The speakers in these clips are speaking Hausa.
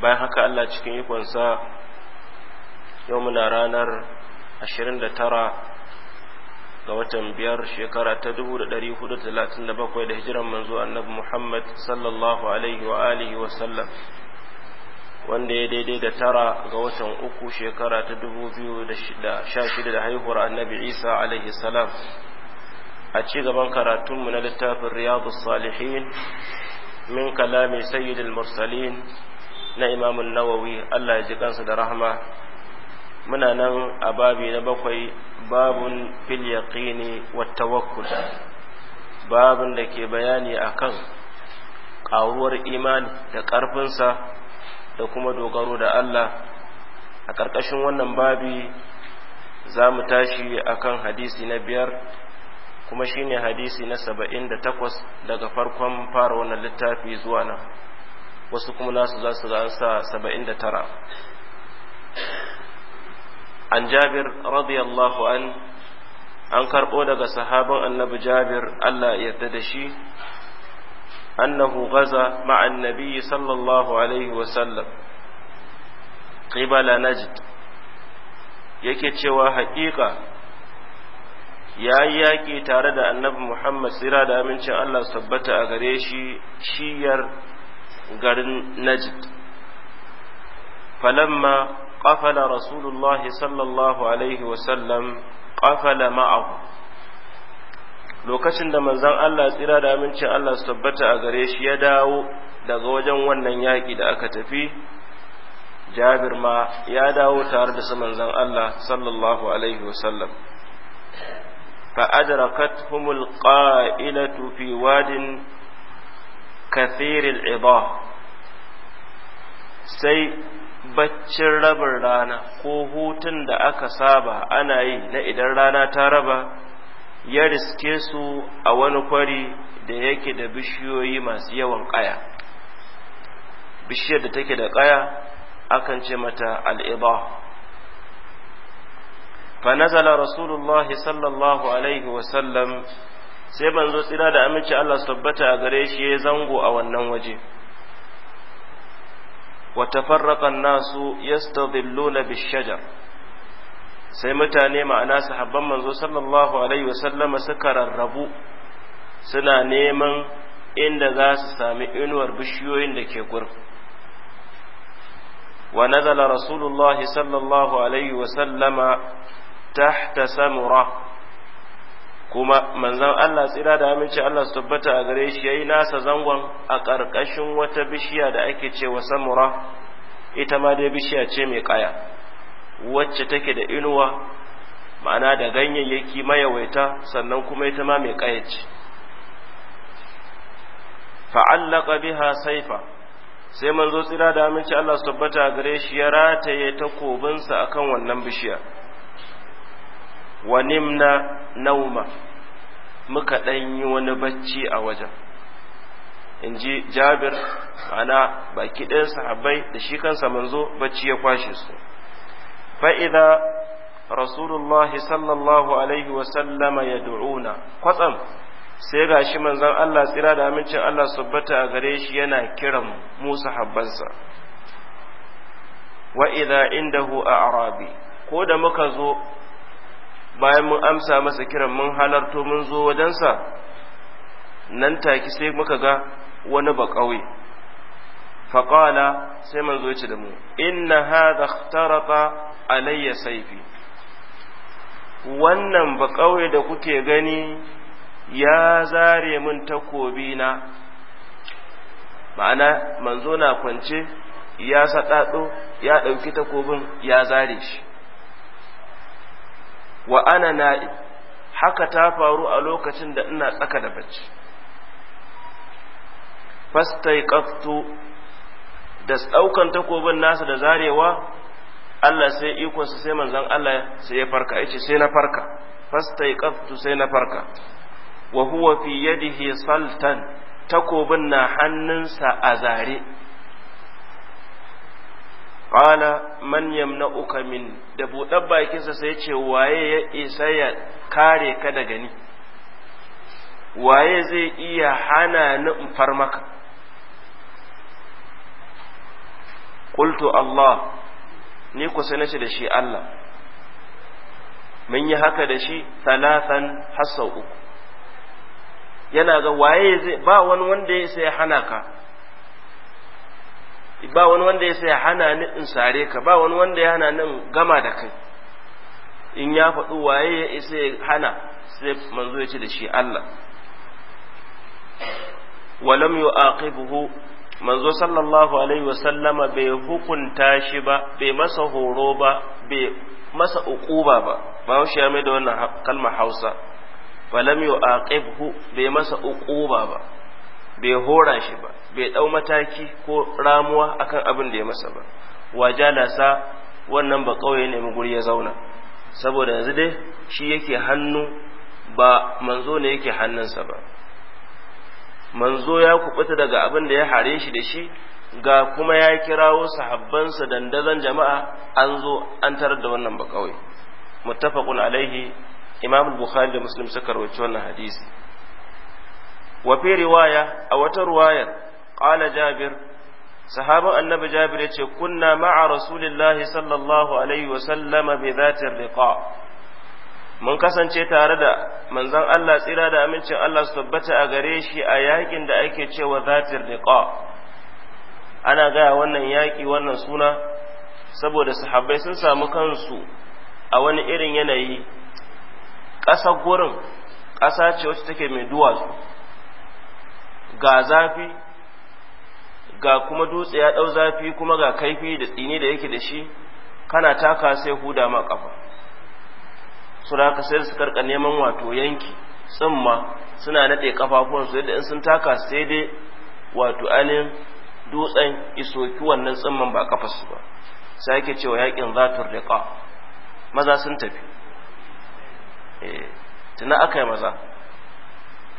bayan haka Allah cikin ikonsa yau muna ranar 29 ga watan biyar shekara ta 1437 da hijiran manzo annabi Muhammad sallallahu alaihi wa alihi wa sallam wanda ya daidai da tara ga watan uku shekara ta 2016 da haihuwar annabi Isa alaihi salam a ci gaban karatunmu na littafin riyadu salihin min kalami sayyidil mursalin na imam nawawi Allah ya ji kansa da rahama muna nan a babi na bakwai babun fil yaqini wat tawakkul babun da ke bayani akan ƙaruwar imani da ƙarfinsa da kuma dogaro da Allah a ƙarƙashin wannan babi za mu tashi akan hadisi na biyar kuma shine hadisi na saba'in da takwas daga farkon fara wannan littafi zuwa nan wasu kuma nasu za su sa saba'in da tara an jabir radiyallahu an an karɓo daga sahabin annabi jabir allah yadda da shi annahu gaza ma'an nabiyyi sallallahu alaihi wasallam qibala najd yake cewa haƙiƙa ya yi yaƙi tare da annabi muhammad tsira da amincin allah tabbata a gare shi shiyar garin Najd falamma qafala rasulullahi sallallahu alaihi wasallam qafala ma'ahu lokacin da manzon Allah tsira da amincin Allah su tabbata a gare shi ya dawo daga wajen wannan yaƙi da aka tafi Jabir ma ya dawo tare da su manzon Allah sallallahu alaihi wasallam fa adrakathumul qa'ilatu fi wadin Kafirin idah sai baccin rabin rana ko hutun da aka saba ana yi na idan rana ta raba ya riske su a wani kwari da yake da bishiyoyi masu yawan kaya. bishiyar da take da ƙaya akan ce mata al'iba فنزل رسول Rasulullahi sallallahu alaihi عليه sai manzo tsira da aminci Allah su tabbata a gare shi ya zango a wannan waje wa tafarraqa an-nasu yastadhilluna bish-shajar sai mutane ma'ana sahabban manzo sallallahu alaihi wasallama suka rarrabu suna neman inda za su sami inuwar bishiyoyin da ke gurin wa nazala rasulullahi sallallahu alaihi wasallama tahta samura kuma manzan Allah tsira da aminci Allah su tabbata a gare shi yayi nasa zangon a ƙarƙashin wata bishiya da ake cewa samura ita ma dai bishiya ce mai ƙaya wacce take da inuwa ma'ana da ganyayyaki mayawaita sannan kuma ita ma mai ƙaya ce fa'allaka biha saifa sai manzo tsira da aminci Allah su tabbata a gare shi ya rataye takobinsa akan wannan bishiya wa nimna nauma muka ɗan yi wani bacci a wajen Inji ji jabir ana baki ɗayan sahabbai da shi kansa manzo bacci ya kwashe su fa'iza rasulullah sallallahu alaihi wasallama ya du'una kwatsam sai ga shi manzan Allah tsira da amincin Allah subbata a gare shi yana kiran mu sahabbansa wa inda indahu a arabi ko da muka zo bayan mun amsa masa kiran mun halarto mun zo wajensa nan take sai muka ga wani baƙauye faƙala sai mun zo ci da mu inna hadha ikhtarata alayya saifi wannan bakawai da kuke gani ya zare mun takobi na ma'ana manzo na kwance ya saɗaɗo ya ɗauki takobin ya zare shi wa ana na'i haka ta faru a lokacin da ina tsaka da bacci fastaiqaftu da daukan takobin nasa da zarewa Allah sai ikonsa sai manzon Allah sai ya farka yace sai na farka fastaiqaftu sai na farka wa huwa fi yadihi saltan takobin na hannunsa a zare qala man yamna'uka min da buɗar bakinsa sai ce waye ya isa ya kare ka daga ni waye zai iya hana ni in far maka qultu Allah ni ku sai nace da shi Allah mun yi haka da shi talatan hasau uku yana ga waye zai ba wani wanda ya sai hana ka ba wani wanda ya sai hana ni in sare ka ba wani wanda ya hana ni gama da kai in ya faɗi waye ya isa ya hana sai manzo ya ce da shi Allah walam yu'aqibuhu manzo sallallahu alaihi wasallama bai hukunta shi ba bai masa horo ba bai masa uquba ba ba shi ya mai da wannan kalmar Hausa walam yu'aqibhu bai masa uquba ba bai hora shi ba bai ɗau mataki ko ramuwa akan abin da ya masa ba wajalasa wannan ba kauye ne guri ya zauna saboda yanzu dai shi yake hannu ba manzo ne yake hannunsa ba manzo ya kubuta daga abin da ya hare shi da shi ga kuma ya kirawo sahabbansa dandazon jama'a an zo an tarar da wannan ba kauye muttafaqun alaihi imam bukhari da muslim suka rawaito wannan hadisi wa fi riwaya a wata riwayar qala jabir sahaban annabi jabir yace kunna ma'a rasulillahi sallallahu alaihi wa sallama bi dhatir riqa mun kasance tare da manzon Allah tsira da amincin Allah su tabbata a gare shi a yakin da ake cewa zati riqa ana gaya wannan yaki wannan suna saboda sahabbai sun samu kansu a wani irin yanayi ƙasar gurin ƙasa ce wacce take mai duwatsu ga zafi ga kuma dutse ya ɗau zafi kuma ga kaifi da tsini da yake da shi kana taka sai huda ma ƙafa su sai su karka neman wato yanki tsimma suna naɗe ƙafafuwansu yadda in sun taka sai dai wato anin dutsen isoki wannan tsimman ba ƙafasu ba sai ake cewa yakin zatar riƙa maza sun tafi eh, tuna aka yi maza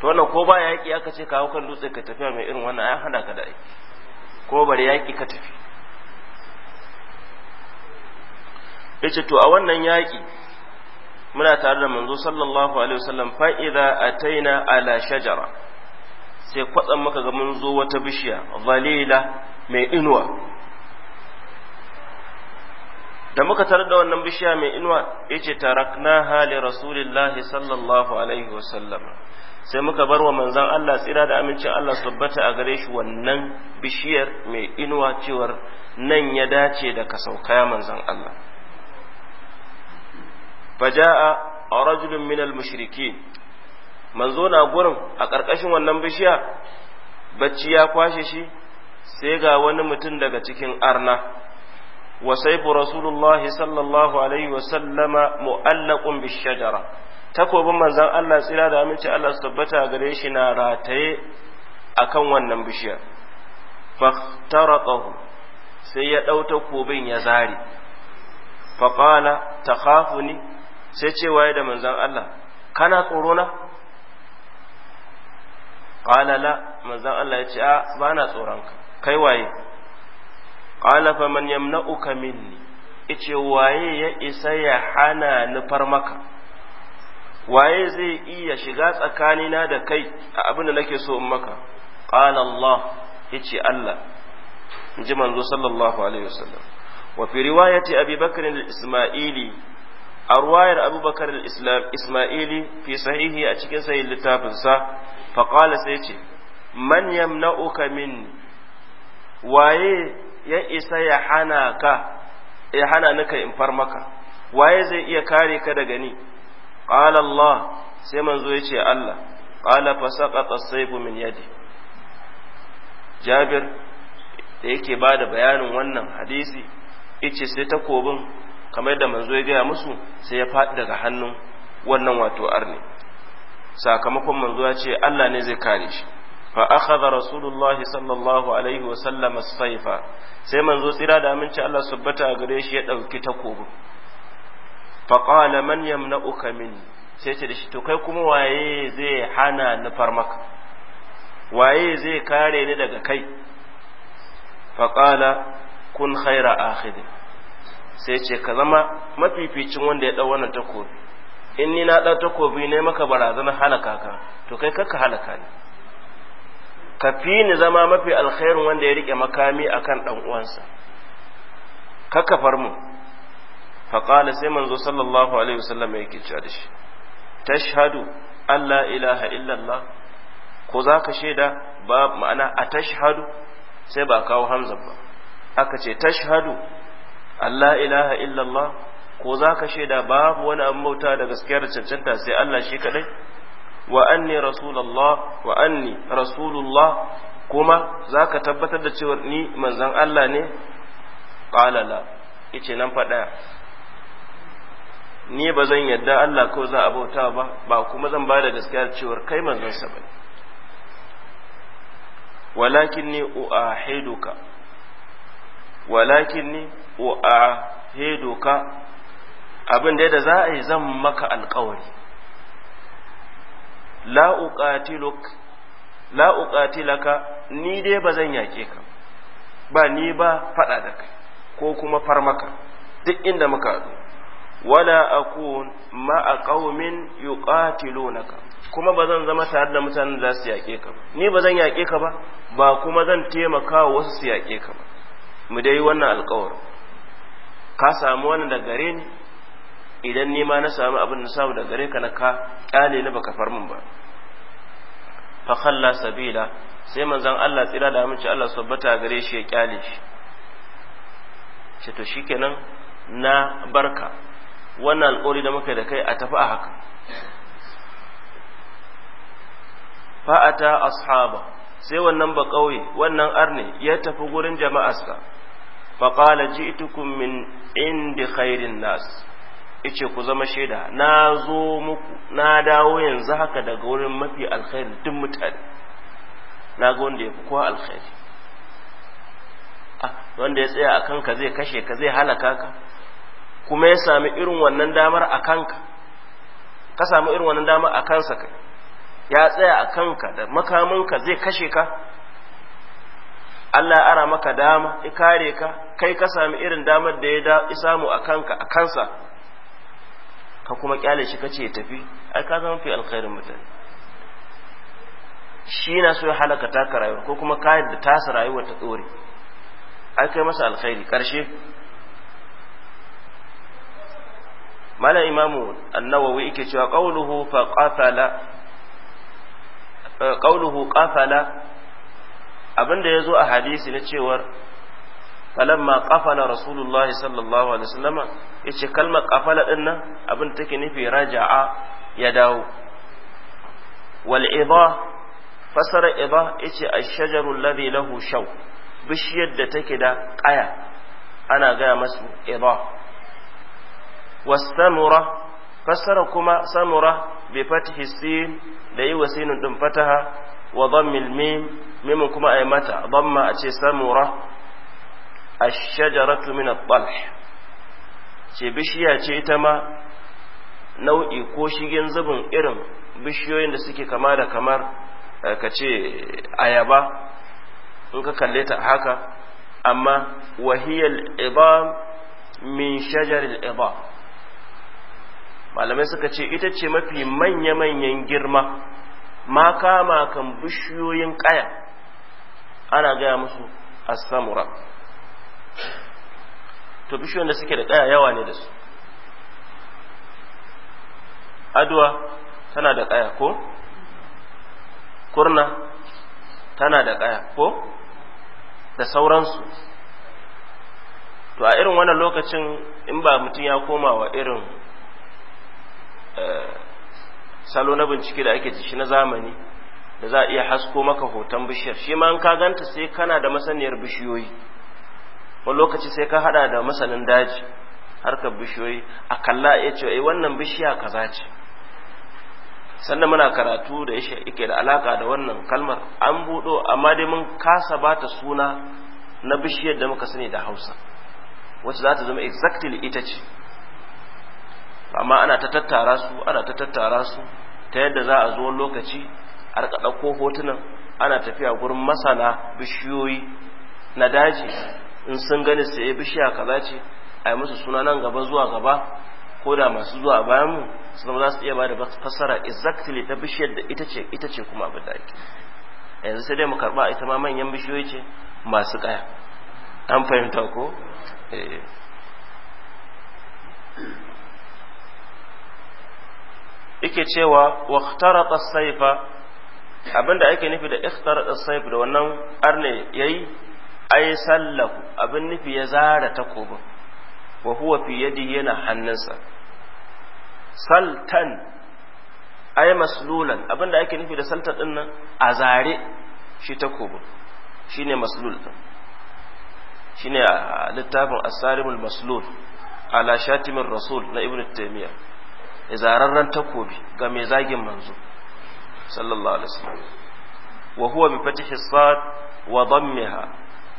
to wannan ko ba yaƙi aka ce kawo kan dutse ka tafiya mai irin wannan an hana ka da aiki ko bari yaƙi ka tafi yace to a wannan yaƙi muna tare da manzo sallallahu alaihi wasallam fa idza ataina ala shajara sai kwatsan maka ga mun zo wata bishiya zalila mai inuwa da muka tare da wannan bishiya mai inuwa yace taraknaha li rasulillahi sallallahu alaihi wasallam sai muka bar wa manzan Allah tsira da amincin Allah su tabbata a gare shi wannan bishiyar mai inuwa cewar nan ya dace da ka sauka manzan Allah faja'a a rajulun minal mushriki manzo na gurin a ƙarƙashin wannan bishiya bacci ya kwashe shi sai ga wani mutum daga cikin arna wa saifu rasulullahi sallallahu alaihi wa sallama bishajara takobin manzan Allah tsira da aminci Allah su tabbata gare shi na rataye a kan wannan bishiyar ƙahu sai ya ɗau takobin ya zari. faƙala ta ni sai cewa da manzan Allah kana tsoro na ƙala la manzan Allah ya ce a ba na tsoronka kai waye ƙala fa man uka minni ice waye ya isa ya hana nufar maka waye zai iya shiga tsakanina da kai a abin da nake so in maka qala Allah yace Allah Inji manzo sallallahu alaihi wasallam wa fi riwayati Abi Bakr al-Isma'ili a ruwayar Abu Bakr al-Isma'ili fi sahihi a cikin sahih littafin sa fa qala sai yace man yamna'uka min waye ya isa ya hana ka ya hana naka in far maka waye zai iya kare ka daga ni قال الله sai manzo ya ce Allah qala fa saqata sayfu min yadi Jabir da yake bada bayanin wannan hadisi yace sai takobin kamar yadda manzo ya gaya musu sai ya faɗi daga hannun wannan wato arne sakamakon manzo ya ce Allah ne zai kare shi fa akhadha rasulullahi sallallahu alaihi wa sallam as-sayfa sai manzo tsira da aminci Allah subbata gare shi ya dauki takobin faƙala man uka minni sai ce da shi to kai kuma waye zai hana ni farmaka waye zai kare ni daga kai faƙala kun khaira akhiri sai ce ka zama mafificin wanda ya ɗau wannan takobi in ni na ɗau takobi ne maka barazana halaka ka to kai kakka halaka ne ka fi ni zama mafi alkhairin wanda ya riƙe makami akan ɗan uwansa kakka farmu faƙala sai manzo sallallahu alaihi wasallam yake cewa da shi tashhadu Allah ilaha illallah ko za ka shaida ba ma'ana a tashhadu sai ba kawo hamza ba aka ce tashhadu Allah ilaha illallah ko za ka shaida babu wani abin bauta da da cancanta sai Allah shi kaɗai. wa anni rasulullah wa kuma za ka tabbatar da cewa ni manzon Allah ne qala la yace nan fa daya ni ba zan yadda Allah ko za a bauta ba ba kuma zan ba da gaskiya cewar kai manzon sa bane walakin ni uahiduka walakin ni uahiduka abin da za a yi zan maka alƙawari la uqatiluk la uqatilaka ni dai ba zan yake ka ba ni ba fada da kai ko kuma farmaka duk inda muka zo wala akun ma'a qaumin yuqatilunaka kuma ba zan zama tare da mutanen za su yaƙe ka ni ba zan yaƙe ka ba ba kuma zan taimaka wasu su yaƙe ka ba mu dai wannan alƙawarin ka samu wannan da gare ni idan ni ma na samu abin da samu da gare ka na ka ƙyale ni baka far min ba fa khalla sabila sai manzon Allah tsira da amince Allah sabbata gare shi ya ƙyale shi ce to shikenan na barka wannan alƙawari da muka da kai a tafi a haka fa'ata ashaba sai wannan ba ƙauye wannan arne ya tafi gurin jama'arsa faƙala ji min indi khairin nas ice ku zama shaida na zo muku na dawo yanzu haka daga wurin mafi alkhairi duk mutane na ga wanda ya fi kowa alkhairi ah, wanda ya tsaya a kanka zai kashe ka zai halaka ka kuma ya sami irin wannan damar a kanka ka sami irin wannan damar a kansa kai ya tsaya a kanka da makaminka zai kashe ka Allah ya ara maka dama ya kare ka kai ka sami irin damar da ya samu a kanka a kansa ka kuma kyale shi kace ya tafi ai ka zama fi alkhairin mutane shi na so ya halaka taka rayuwa ko kuma ka da tasa rayuwa ta tsore ai kai masa alkhairi karshe malam imamu annawawi yake cewa qauluhu fa qafala eh, qauluhu qafala abinda yazo a hadisi na cewar falamma qafala rasulullahi sallallahu alaihi wasallama yace kalmar qafala din nan abin take nufi raja'a ya dawo wal idha fasara idha yace ash-shajaru alladhi lahu shaw bishiyar da take da qaya ana gaya masu iba. wasamura fassara kuma samura bi fathi sin da yi wa din fataha wa dhammil mim mimin kuma ay mata dhamma a ce samura ash-shajaratu min at-talh ce bishiya ce ita ma nau'i ko shigen zubin irin bishiyoyin da suke kama da kamar ka ce ayaba in ka kalle ta haka amma wahiyar idam min shajaril idam malamai suka ce ita ce mafi manya-manyan girma makama kan bishiyoyin ƙaya ana gaya musu asamura to bishiyoyin da suke da ƙaya yawa ne da su aduwa tana da ƙaya ko kurna tana da ƙaya ko da sauransu to a irin wannan lokacin in ba mutum ya koma wa irin Eh, salo na bincike da ake shi na zamani da za a iya hasko maka hoton bishiyar shi ma ka ganta sai kana da masaniyar bishiyoyi wani lokaci sai ka hada da masanin daji harkar bishiyoyi a kalla ya ce eh, wannan bishiya kaza ce sannan muna karatu da yake da alaka da wannan kalmar an buɗo amma dai mun kasa ba ta suna na bishiyar da muka sani da hausa wacce za ta zama exactly ita ce amma ana ta tattara su ana ta tattara su ta yadda za a zo lokaci a rika ɗauko hotunan ana tafiya gurin masana bishiyoyi na daji in sun gani sai bishiya kaza ce a yi musu suna nan gaba zuwa gaba ko da masu zuwa bayan mu su za su iya ba da fassara exactly ta bishiyar da ita ce ita ce kuma abin da ake yanzu sai dai mu karba ita ma manyan bishiyoyi ce masu kaya an fahimta ko eh. yake cewa waqtarata saifa abinda ake nufi da ikhtarata saifa da wannan arne yayi ai sallahu abin nufi ya zara takobin wa huwa fi yadihi yana hannunsa saltan ai maslulan abinda ake nufi da saltan din nan a zare shi takobin shine maslul din shine a littafin asarimul maslul ala shatimin rasul na ibnu taymiyyah Izararren takobi ga mai zagin manzo sallallahu alaihi wasallam wa huwa bi fatihi sad wa dammiha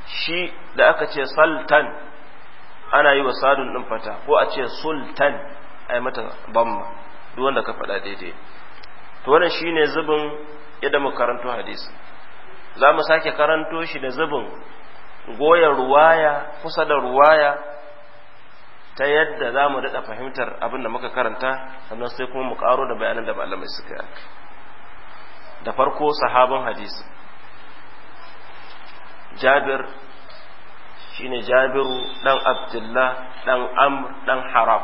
shi da aka ce sultan ana yi wa sadun din fata ko a ce sultan ai mata bamma duk wanda ka faɗa daidai to wannan shine zubin yadda mu karanto hadisi za mu sake karanto shi da zubin goyon ruwaya kusa da ruwaya ta yadda za mu daɗa fahimtar abin da muka karanta sannan sai kuma mu ƙaro da bayanan da malamai suka yi da farko sahabin hadisi jabir shi ne jabiru dan abdullah dan amr dan haram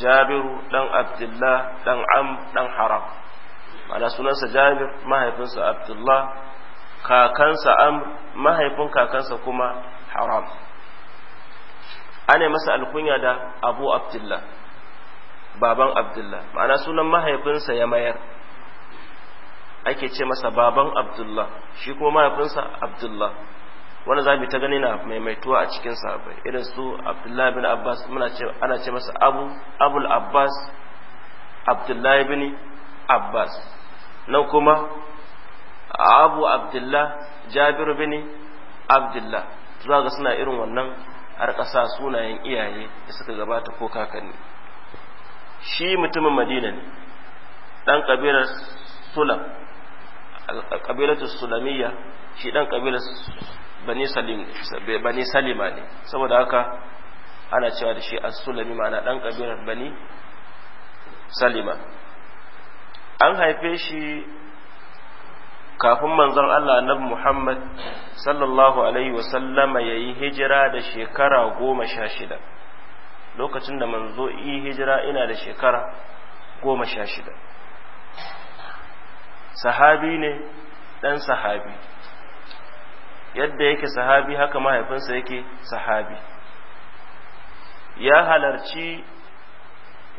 jabiru dan abdullah dan amr dan haram mana sunansa jabir mahaifinsa abdullah kakansa amr mahaifin kakansa kuma haram ana masa alkunya da abu abdullah baban abdullah ma'ana sunan mahaifinsa ya mayar ake ce masa baban abdullah shi kuma mahaifinsa abdullah wani za ta gani na maimaituwa a cikin sahabbai irin su abdullah bin abbas muna ce ana ce masa abu abul abbas abdullah bin abbas nan kuma abu abdullah jabir bin abdullah za ga suna irin wannan har ƙasa sunayen iyaye da suka gabata ko kakanni shi mutumin madina ne ɗan ƙabilar sulam ƙabilar sulamiyya shi ɗan ƙabilar bani salima ne saboda haka ana cewa da shi a sulami ma'ana ɗan ƙabilar bani salima an haife shi kafin manzon Allah annabi Muhammad sallallahu alaihi wasallama ya yi hijira da shekara goma sha shida lokacin da manzo yi hijira ina da shekara goma sha shida sahabi ne ɗan sahabi yadda yake sahabi haka mahaifinsa yake sahabi ya halarci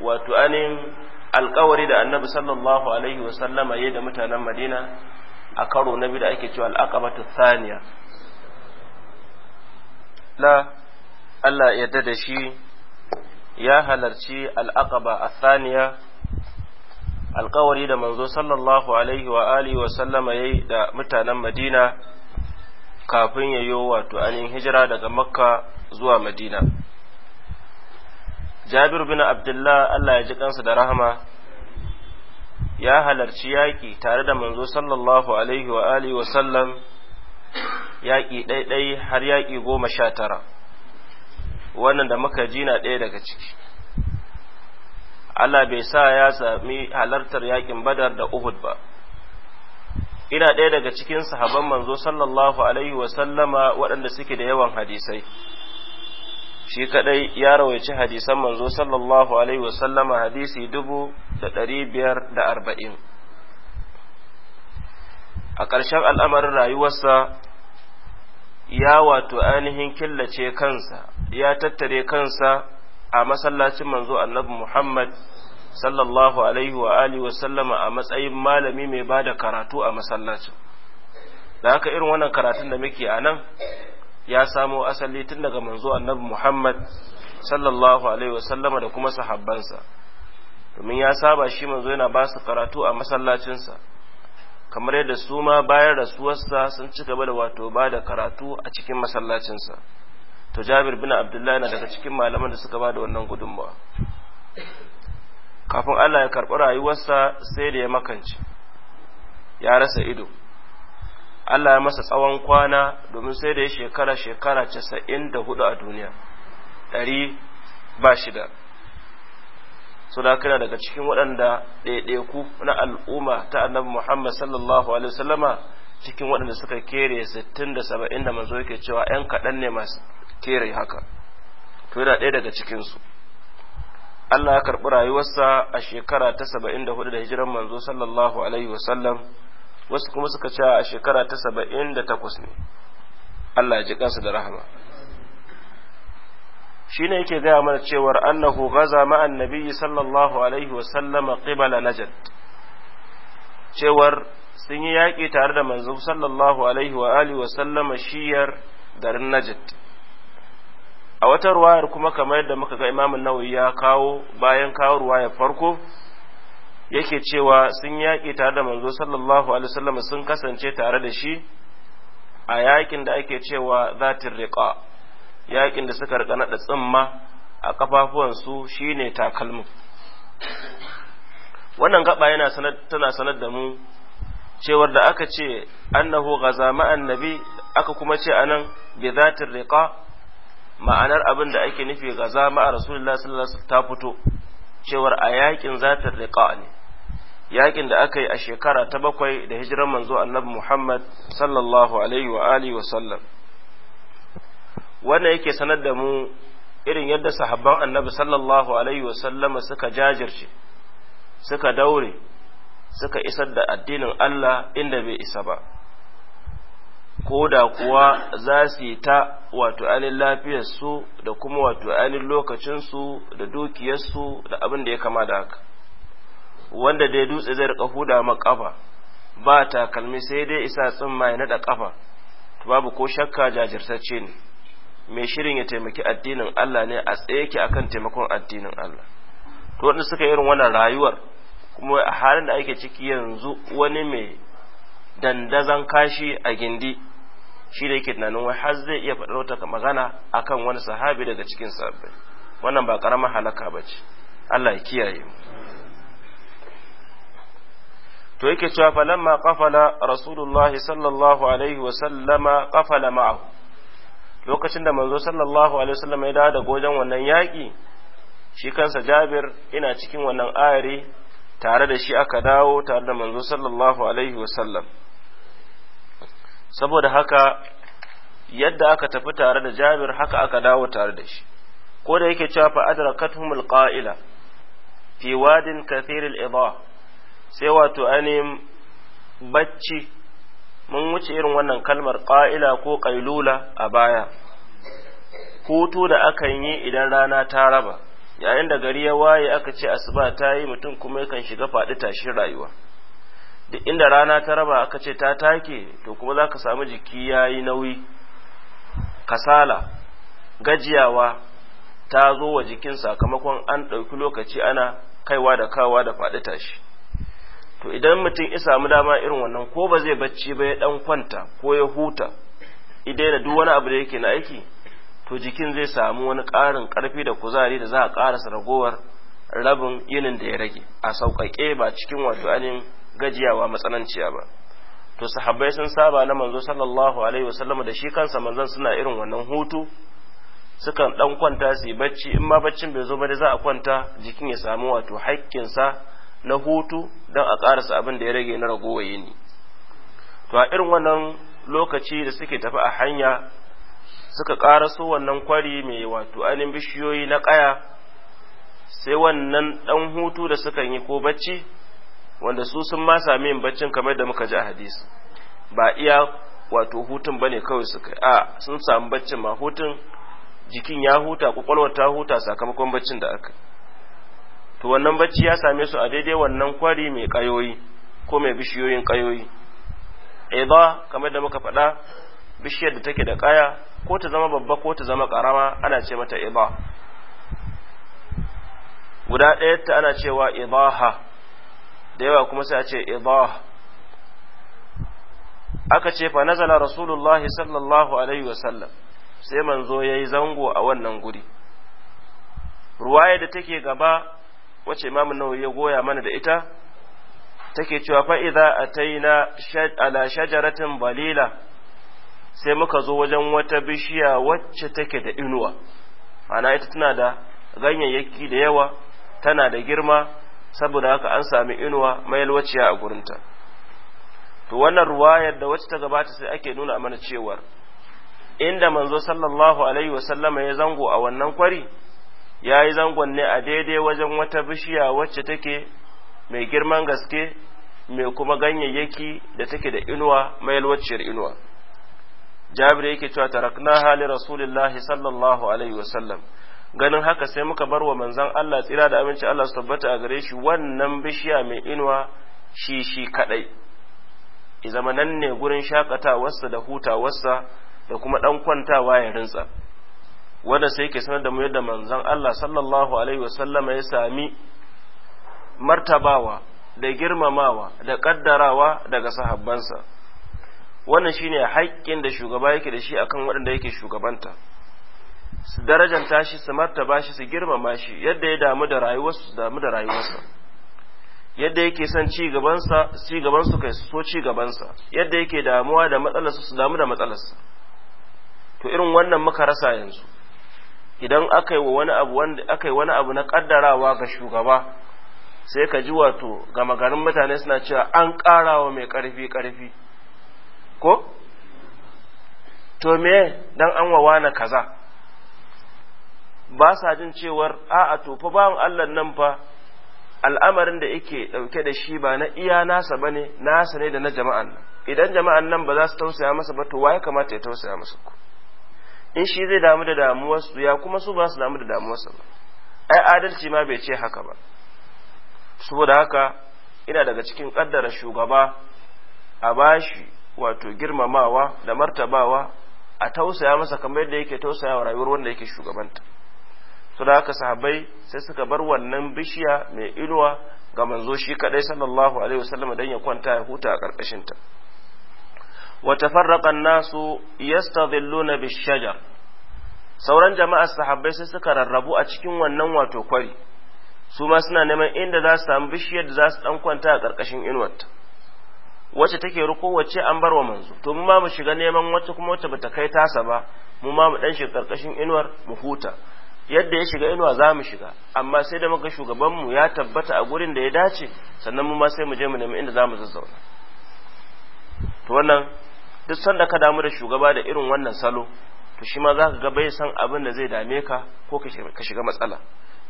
wato anin alkawari da annabi sallallahu alaihi wasallama ya da mutanen madina a karo na biyu da ake cewa al'aqabatu saniya. la Allah yarda da shi ya halarci al'aqaba a saniya. alkawari da manzo sallallahu alaihi wa alihi wa sallama yayi da mutanen Madina kafin yayo wato anin hijira daga Makka zuwa Madina Jabir bin Abdullah Allah ya ji kansa da rahama ya halarci yaƙi tare da manzo sallallahu alaihi wa alihi wa sallam yaƙi ɗaiɗai har yaƙi goma sha tara wannan da muka ji na ɗaya daga ciki Allah bai sa ya sami halartar yaƙin badar da uhud ba ina ɗaya daga cikin sahaban manzo sallallahu alaihi wa sallama waɗanda suke da yawan hadisai shi kadai ya rawaici hadisan manzo sallallahu alaihi wasallama hadisi dubu da ɗari biyar da arba'in a ƙarshen al'amarin rayuwarsa ya wato ainihin killace kansa ya tattare kansa a masallacin manzo annabi muhammad sallallahu alaihi wa alihi wasallama a matsayin malami mai bada karatu a masallacin da haka irin wannan karatun da muke a nan ya samo asali tun daga manzo annabi Muhammad sallallahu alaihi wasallama da kuma sahabbansa domin ya saba shi manzo yana ba su karatu a masallacinsa kamar yadda su ma bayan rasuwarsa sun ci gaba da wato ba da karatu a cikin masallacinsa to jabir bin abdullahi yana daga cikin malaman da suka ba da wannan gudunmawa kafin allah ya karɓi rayuwarsa sai da ya makanci ya rasa ido Allah ya masa tsawon kwana domin sai da ya shekara shekara casa'in da hudu a duniya ɗari ba shida su da kana daga cikin waɗanda ɗaiɗaiku na al'umma ta annabi Muhammad sallallahu alaihi wasallama cikin waɗanda suka kere sittin da saba'in da manzo yake cewa ‘yan kaɗan ne masu kere haka to yana ɗaya daga cikinsu Allah ya karɓi rayuwarsa a shekara ta saba'in da hudu da hijiran manzo sallallahu alaihi wasallam wasu kuma suka ce a shekara ta saba'in da takwas ne Allah ya ji kansu da rahama shi ne yake gaya mana cewar annahu gaza ma'an nabiyyi sallallahu alaihi wa sallama qibala najad cewar sun yi yaƙi tare da manzo sallallahu alaihi wa alihi wa sallama shiyar garin Najat? a wata ruwayar kuma kamar yadda muka ga Imamin nawawi ya kawo bayan kawo ruwayar farko yake cewa sun yaƙi tare da manzo sallallahu alaihi wasallam sun kasance tare da shi a yaƙin da ake cewa zatin riqa yaƙin da suka rika naɗa tsimma a kafafuwansu shine takalmin wannan gaba yana sanar tana sanar da mu cewar da aka ce annahu gaza ma'an nabi aka kuma ce anan bi zatin riqa ma'anar abin da ake nufi gaza a rasulullahi sallallahu alaihi wasallam ta fito cewar a yakin zatin riqa ne yakin da aka yi a shekara ta bakwai da hijiran manzo annabi Muhammad sallallahu alaihi wa alihi wa sallam wannan yake sanar da mu irin yadda sahabban annabi sallallahu alaihi wa sallama suka jajirce suka daure suka isar da addinin Allah inda bai isa ba ko da kuwa za su yi ta wato ainihin lafiyarsu da kuma wato lokacin su da dukiyarsu da abin da ya kama da haka wanda dai dutse zai rika huda ma kafa ba takalmi sai dai isa tsimma ya nada kafa babu ko shakka jajirtacce ne mai shirin ya taimaki addinin Allah ne a tsaye yake akan taimakon addinin Allah to wanda suka irin wannan rayuwar kuma a halin da ake ciki yanzu wani mai dandazan kashi a gindi shi da yake tunanin wai har zai iya faɗar wata magana akan wani sahabi daga cikin sahabbai wannan ba ƙaramar halaka ba Allah ya kiyaye mu to yake cewa falamma qafala rasulullahi sallallahu alaihi wa sallama qafala ma'ahu lokacin da manzo sallallahu alaihi wa sallama ya dawo daga wajen wannan yaki shi kansa Jabir ina cikin wannan ayari tare da shi aka dawo tare da manzo sallallahu alaihi wa sallam saboda haka yadda aka tafi tare da Jabir haka aka dawo tare da shi ko da yake cewa fa adrakathum alqa'ila fi wadin kathir al-idah sai wato ainihin bacci mun wuce irin wannan kalmar ƙa'ila ko ƙailula a baya hutu da aka yi idan rana ta raba yayin da gari ya waye aka ce asuba ta yi mutum kuma yakan shiga faɗi tashin rayuwa duk inda rana ta raba aka ce ta take to kuma za ka samu jiki ya yi nauyi kasala gajiyawa ta zo wa jikin sakamakon an ɗauki lokaci ana kaiwa da kawa da faɗi tashi to idan mutum ya samu dama irin wannan ko ba zai bacci ba ya dan kwanta ko ya huta idai da duk wani abu da yake na aiki to jikin zai samu wani ƙarin ƙarfi da kuzari da za a ƙara ragowar rabin yinin da ya rage a sauƙaƙe ba cikin wato ainihin gajiyawa matsananciya ba to sahabbai sun saba na manzo sallallahu alaihi wasallam da shi kansa manzon suna irin wannan hutu sukan dan kwanta su yi bacci in ma baccin bai zo ba da za a kwanta jikin ya samu wato haƙƙinsa na hutu don a ƙarasa abin da ya rage na ragowa yini to a irin wannan lokaci da suke tafi a hanya suka karaso wannan kwari mai wato ainihin bishiyoyi na ƙaya sai wannan ɗan hutu da suka yi ko bacci wanda su sun ma sami yin baccin kamar da muka ji a hadisi ba iya wato hutun bane kawai suka a sun sami baccin ma hutun jikin ya huta kwakwalwar ta huta sakamakon baccin da aka to wannan bacci ya same su a daidai wannan kwari mai kayoyi ko mai bishiyoyin kayoyi eba kamar da muka faɗa bishiyar da take da kaya ko ta zama babba ko ta zama karama ana ce mata eba guda ta ana cewa ibaha da yawa kuma sai a ce ibaha aka ce fa nazala rasulullahi sallallahu alaihi wasallam sai manzo ya yi zango a wannan guri ruwaya da take gaba Wace imamu nawawi ya goya mana da ita take cewa fa idza ataina ala shajaratin balila sai muka zo wajen wata bishiya wacce take da inuwa ana ita tana da ganyayyaki da yawa tana da girma saboda haka an sami inuwa mai alwaciya a gurinta to wannan ruwayar da wacce ta gabata sai ake nuna mana cewa inda manzo sallallahu alaihi wasallama ya zango a wannan kwari ya yi zangon ne a daidai wajen wata bishiya wacce take mai girman gaske mai kuma ganyayyaki da take da inuwa mai yalwacciyar inuwa jabir yake cewa tarakna hali rasulullahi sallallahu alaihi wasallam ganin haka sai muka bar wa manzan Allah tsira da aminci Allah su tabbata a gare shi wannan bishiya mai inuwa shi shi kadai i nan ne gurin shakatawarsa da hutawarsa da kuma dan kwantawa ya rintsa wanda sai ke sanar da mu yadda manzon Allah sallallahu alaihi wasallama ya sami martabawa da girmamawa da ƙaddarawa daga sahabbansa wannan shine haƙƙin da shugaba yake da shi akan waɗanda yake shugabanta su darajanta shi su martaba shi su girmama shi yadda ya damu da rayuwarsu su damu da rayuwarsa yadda yake son ci gabansa ci gabansu kai so ci gabansa yadda yake damuwa da matsalarsa su damu da matsalarsa to irin wannan muka rasa yanzu idan aka yi wani abu wanda aka yi wani abu na kaddarawa ga shugaba sai ka ji wato gama garin mutane suna cewa an karawa mai karfi karfi ko to me dan an wawa na kaza ba sa jin cewar a'a to fa bawan Allah nan fa al'amarin da yake dauke da shi ba na iya nasa ba nasa ne da na jama'an nan idan jama'an nan ba za su tausaya masa ba to waye kamata ya tausaya masa ku in shi zai damu da damuwarsu ya kuma su ba su damu da damuwarsa ba ai adalci ma bai ce haka ba saboda haka ina daga cikin kaddara shugaba a bashi wato girmamawa da martabawa a tausaya masa kamar yadda yake tausaya wa rayuwar wanda yake shugabanta su da haka sahabbai sai suka bar wannan bishiya mai inuwa ga manzo shi kadai sallallahu alaihi wasallam dan ya kwanta ya huta a karkashin ta وتفرق الناس يستظلون بالشجر sauran jama'ar sahabbai sai suka rarrabu a cikin wannan wato kwari su ma suna neman inda za su samu bishiyar da za su dan kwanta a ƙarƙashin inuwar wacce take ruko wacce an bar wa manzo to mu ma mu shiga neman wacce kuma wacce bata kai tasa ba mu ma mu dan shiga ƙarƙashin inuwar mu huta yadda ya shiga inuwa za mu shiga amma sai da muka mu ya tabbata a gurin da ya dace sannan mu ma sai mu je mu nemi inda za mu zazzauna to wannan duk sanda ka damu da shugaba da irin wannan salo to shi ma za ka ga bai san abin da zai dame ka ko ka shiga matsala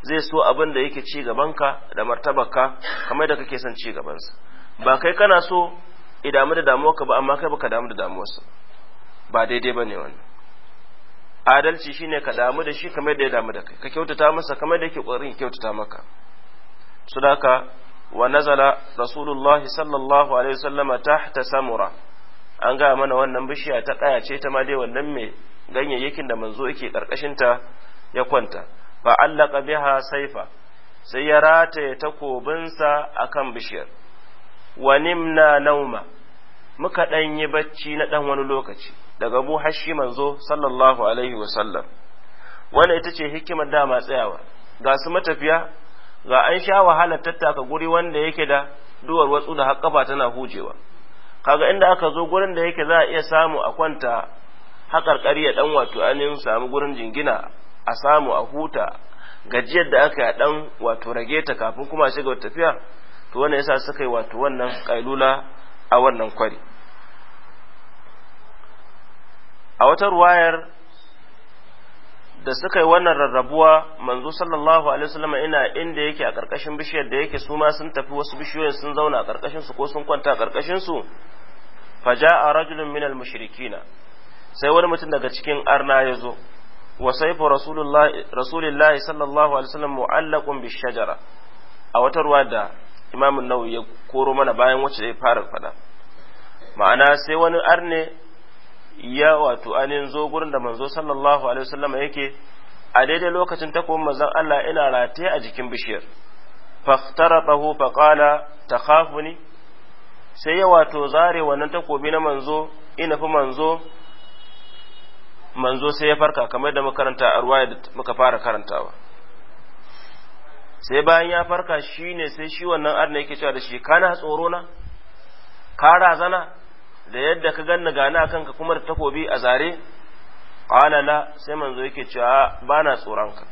zai so abin da yake ci gabanka da martabarka kamar da kake son ci gabansa ba kai kana so idamu da ka ba amma kai baka damu da damuwarsa ba daidai bane wannan adalci shine ka damu da shi kamar da ya damu da kai ka kyautata masa kamar da yake ƙoƙarin kyautata maka su da wa nazala rasulullahi sallallahu alaihi wasallama tahta samura an gaya mana wannan bishiya ta kaya ce ta ma dai wannan mai ganyayyakin da manzo yake karkashin ta ya kwanta fa allaka biha saifa sai ya rataye takobinsa akan bishiyar wa nimna nauma muka dan yi bacci na ɗan wani lokaci daga mu hashi manzo sallallahu alaihi wa sallam wannan ita ce hikimar dama tsayawa ga su matafiya ga an sha wahalar tattaka guri wanda yake da duwar watsu da haƙƙafa tana hujewa kaga inda aka zo gurin da yake za a iya samu a kwanta haƙarƙari ya ɗan wato ainihin samu gurin jingina a samu a huta gajiyar da aka yi ɗan wato rage ta kafin kuma shiga tafiya to wannan yasa suka yi wato wannan kailula a wannan kwari a wata ruwayar da suka yi wannan rarrabuwa manzo sallallahu alaihi wasallam ina inda yake a karkashin bishiyar da yake su ma sun tafi wasu bishiyoyin sun zauna a karkashin su ko sun kwanta a karkashin su faja'a rajulun minal mushrikina sai wani mutum daga cikin arna ya zo wa saifu rasulillahi sallallahu alaihi wasallam mu'allaqun bishajara a wata ruwa da imamu nawawi ya koro mana bayan wacce ya fara fada ma'ana sai wani arne ya wato ainihin zo gurin da manzo sallallahu alaihi wasallam yake a daidai lokacin takobin manzon Allah ina rataye a jikin bishiyar fa qala takhafuni sai ya wato zare wannan takobi na manzo ina fi manzo manzo sai ya farka kamar da makaranta a ruwaya da muka fara karantawa sai bayan ya farka shine sai shi wannan arna yake cewa da shi kana tsoro na ka razana da yadda ka ganna gani a kanka kuma da takobi a zare qala la sai manzo yake cewa bana tsoron ka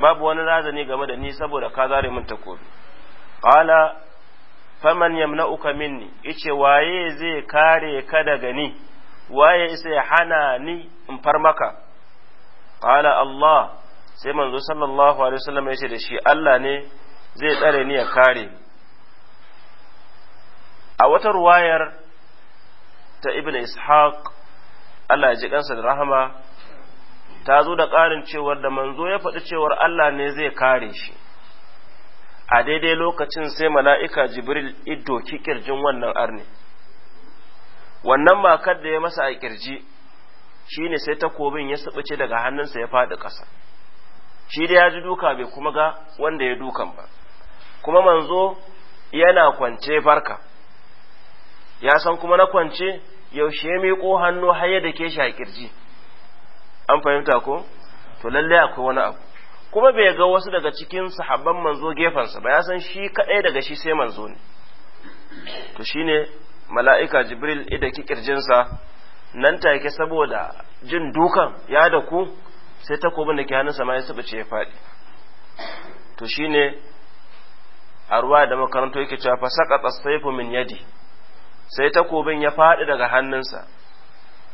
babu wani razani game da ni saboda ka zare min takobi qala faman yamna'uka minni yace waye zai kare ka daga ni waye isa ya hana ni in far maka qala Allah sai manzo sallallahu alaihi wasallam yace da shi Allah ne zai tsare ni ya kare a wata ruwayar ta ibn ishaq Allah ya ji kansa da rahama ta zo da ƙarin cewar da manzo ya faɗi cewar Allah ne zai kare shi a daidai lokacin sai mala'ika jibril iddo ƙirjin, wannan arni. wannan makar da ya masa a kirji shine sai takobin ya subuce daga hannunsa ya faɗi ƙasa shi da ya ji duka bai kuma ga wanda ya dukan ba kuma manzo yana kwance farka ya san kuma na kwance yaushe ya ko hannu har ya dake shi a kirji an fahimta ko to lallai akwai wani abu kuma bai ga wasu daga cikin sahabban manzo sa ba ya san shi kaɗai daga shi sai manzo ne to shine mala'ika jibril ida ki kirjinsa nan take saboda jin dukan ya da ku sai ta kobin da ke hannunsa ma ya ce ya faɗi to shine a ruwa da makaranto yake cewa fa saqata min yadi sai takobin ya faɗi daga hannunsa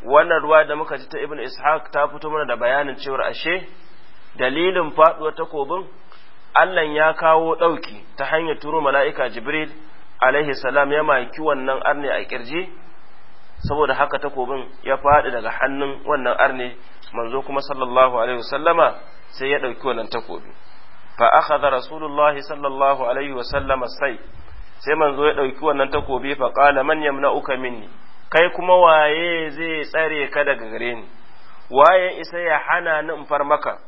wannan ruwa da muka ji ta ibn ishaq ta fito mana da bayanin cewar ashe dalilin faɗuwar takobin Allah ya kawo ɗauki ta hanyar turo mala'ika jibril alaihi salam ya maki wannan arne a kirji saboda haka takobin ya faɗi daga hannun wannan arne manzo kuma sallallahu alaihi wasallama sai ya ɗauki wannan takobi fa akhadha rasulullahi sallallahu alaihi wasallama sai sai manzo ya ɗauki wannan takobi fa qala man yamna'uka minni kai kuma waye zai tsare ka daga gare ni waye isa ya hana ni in far maka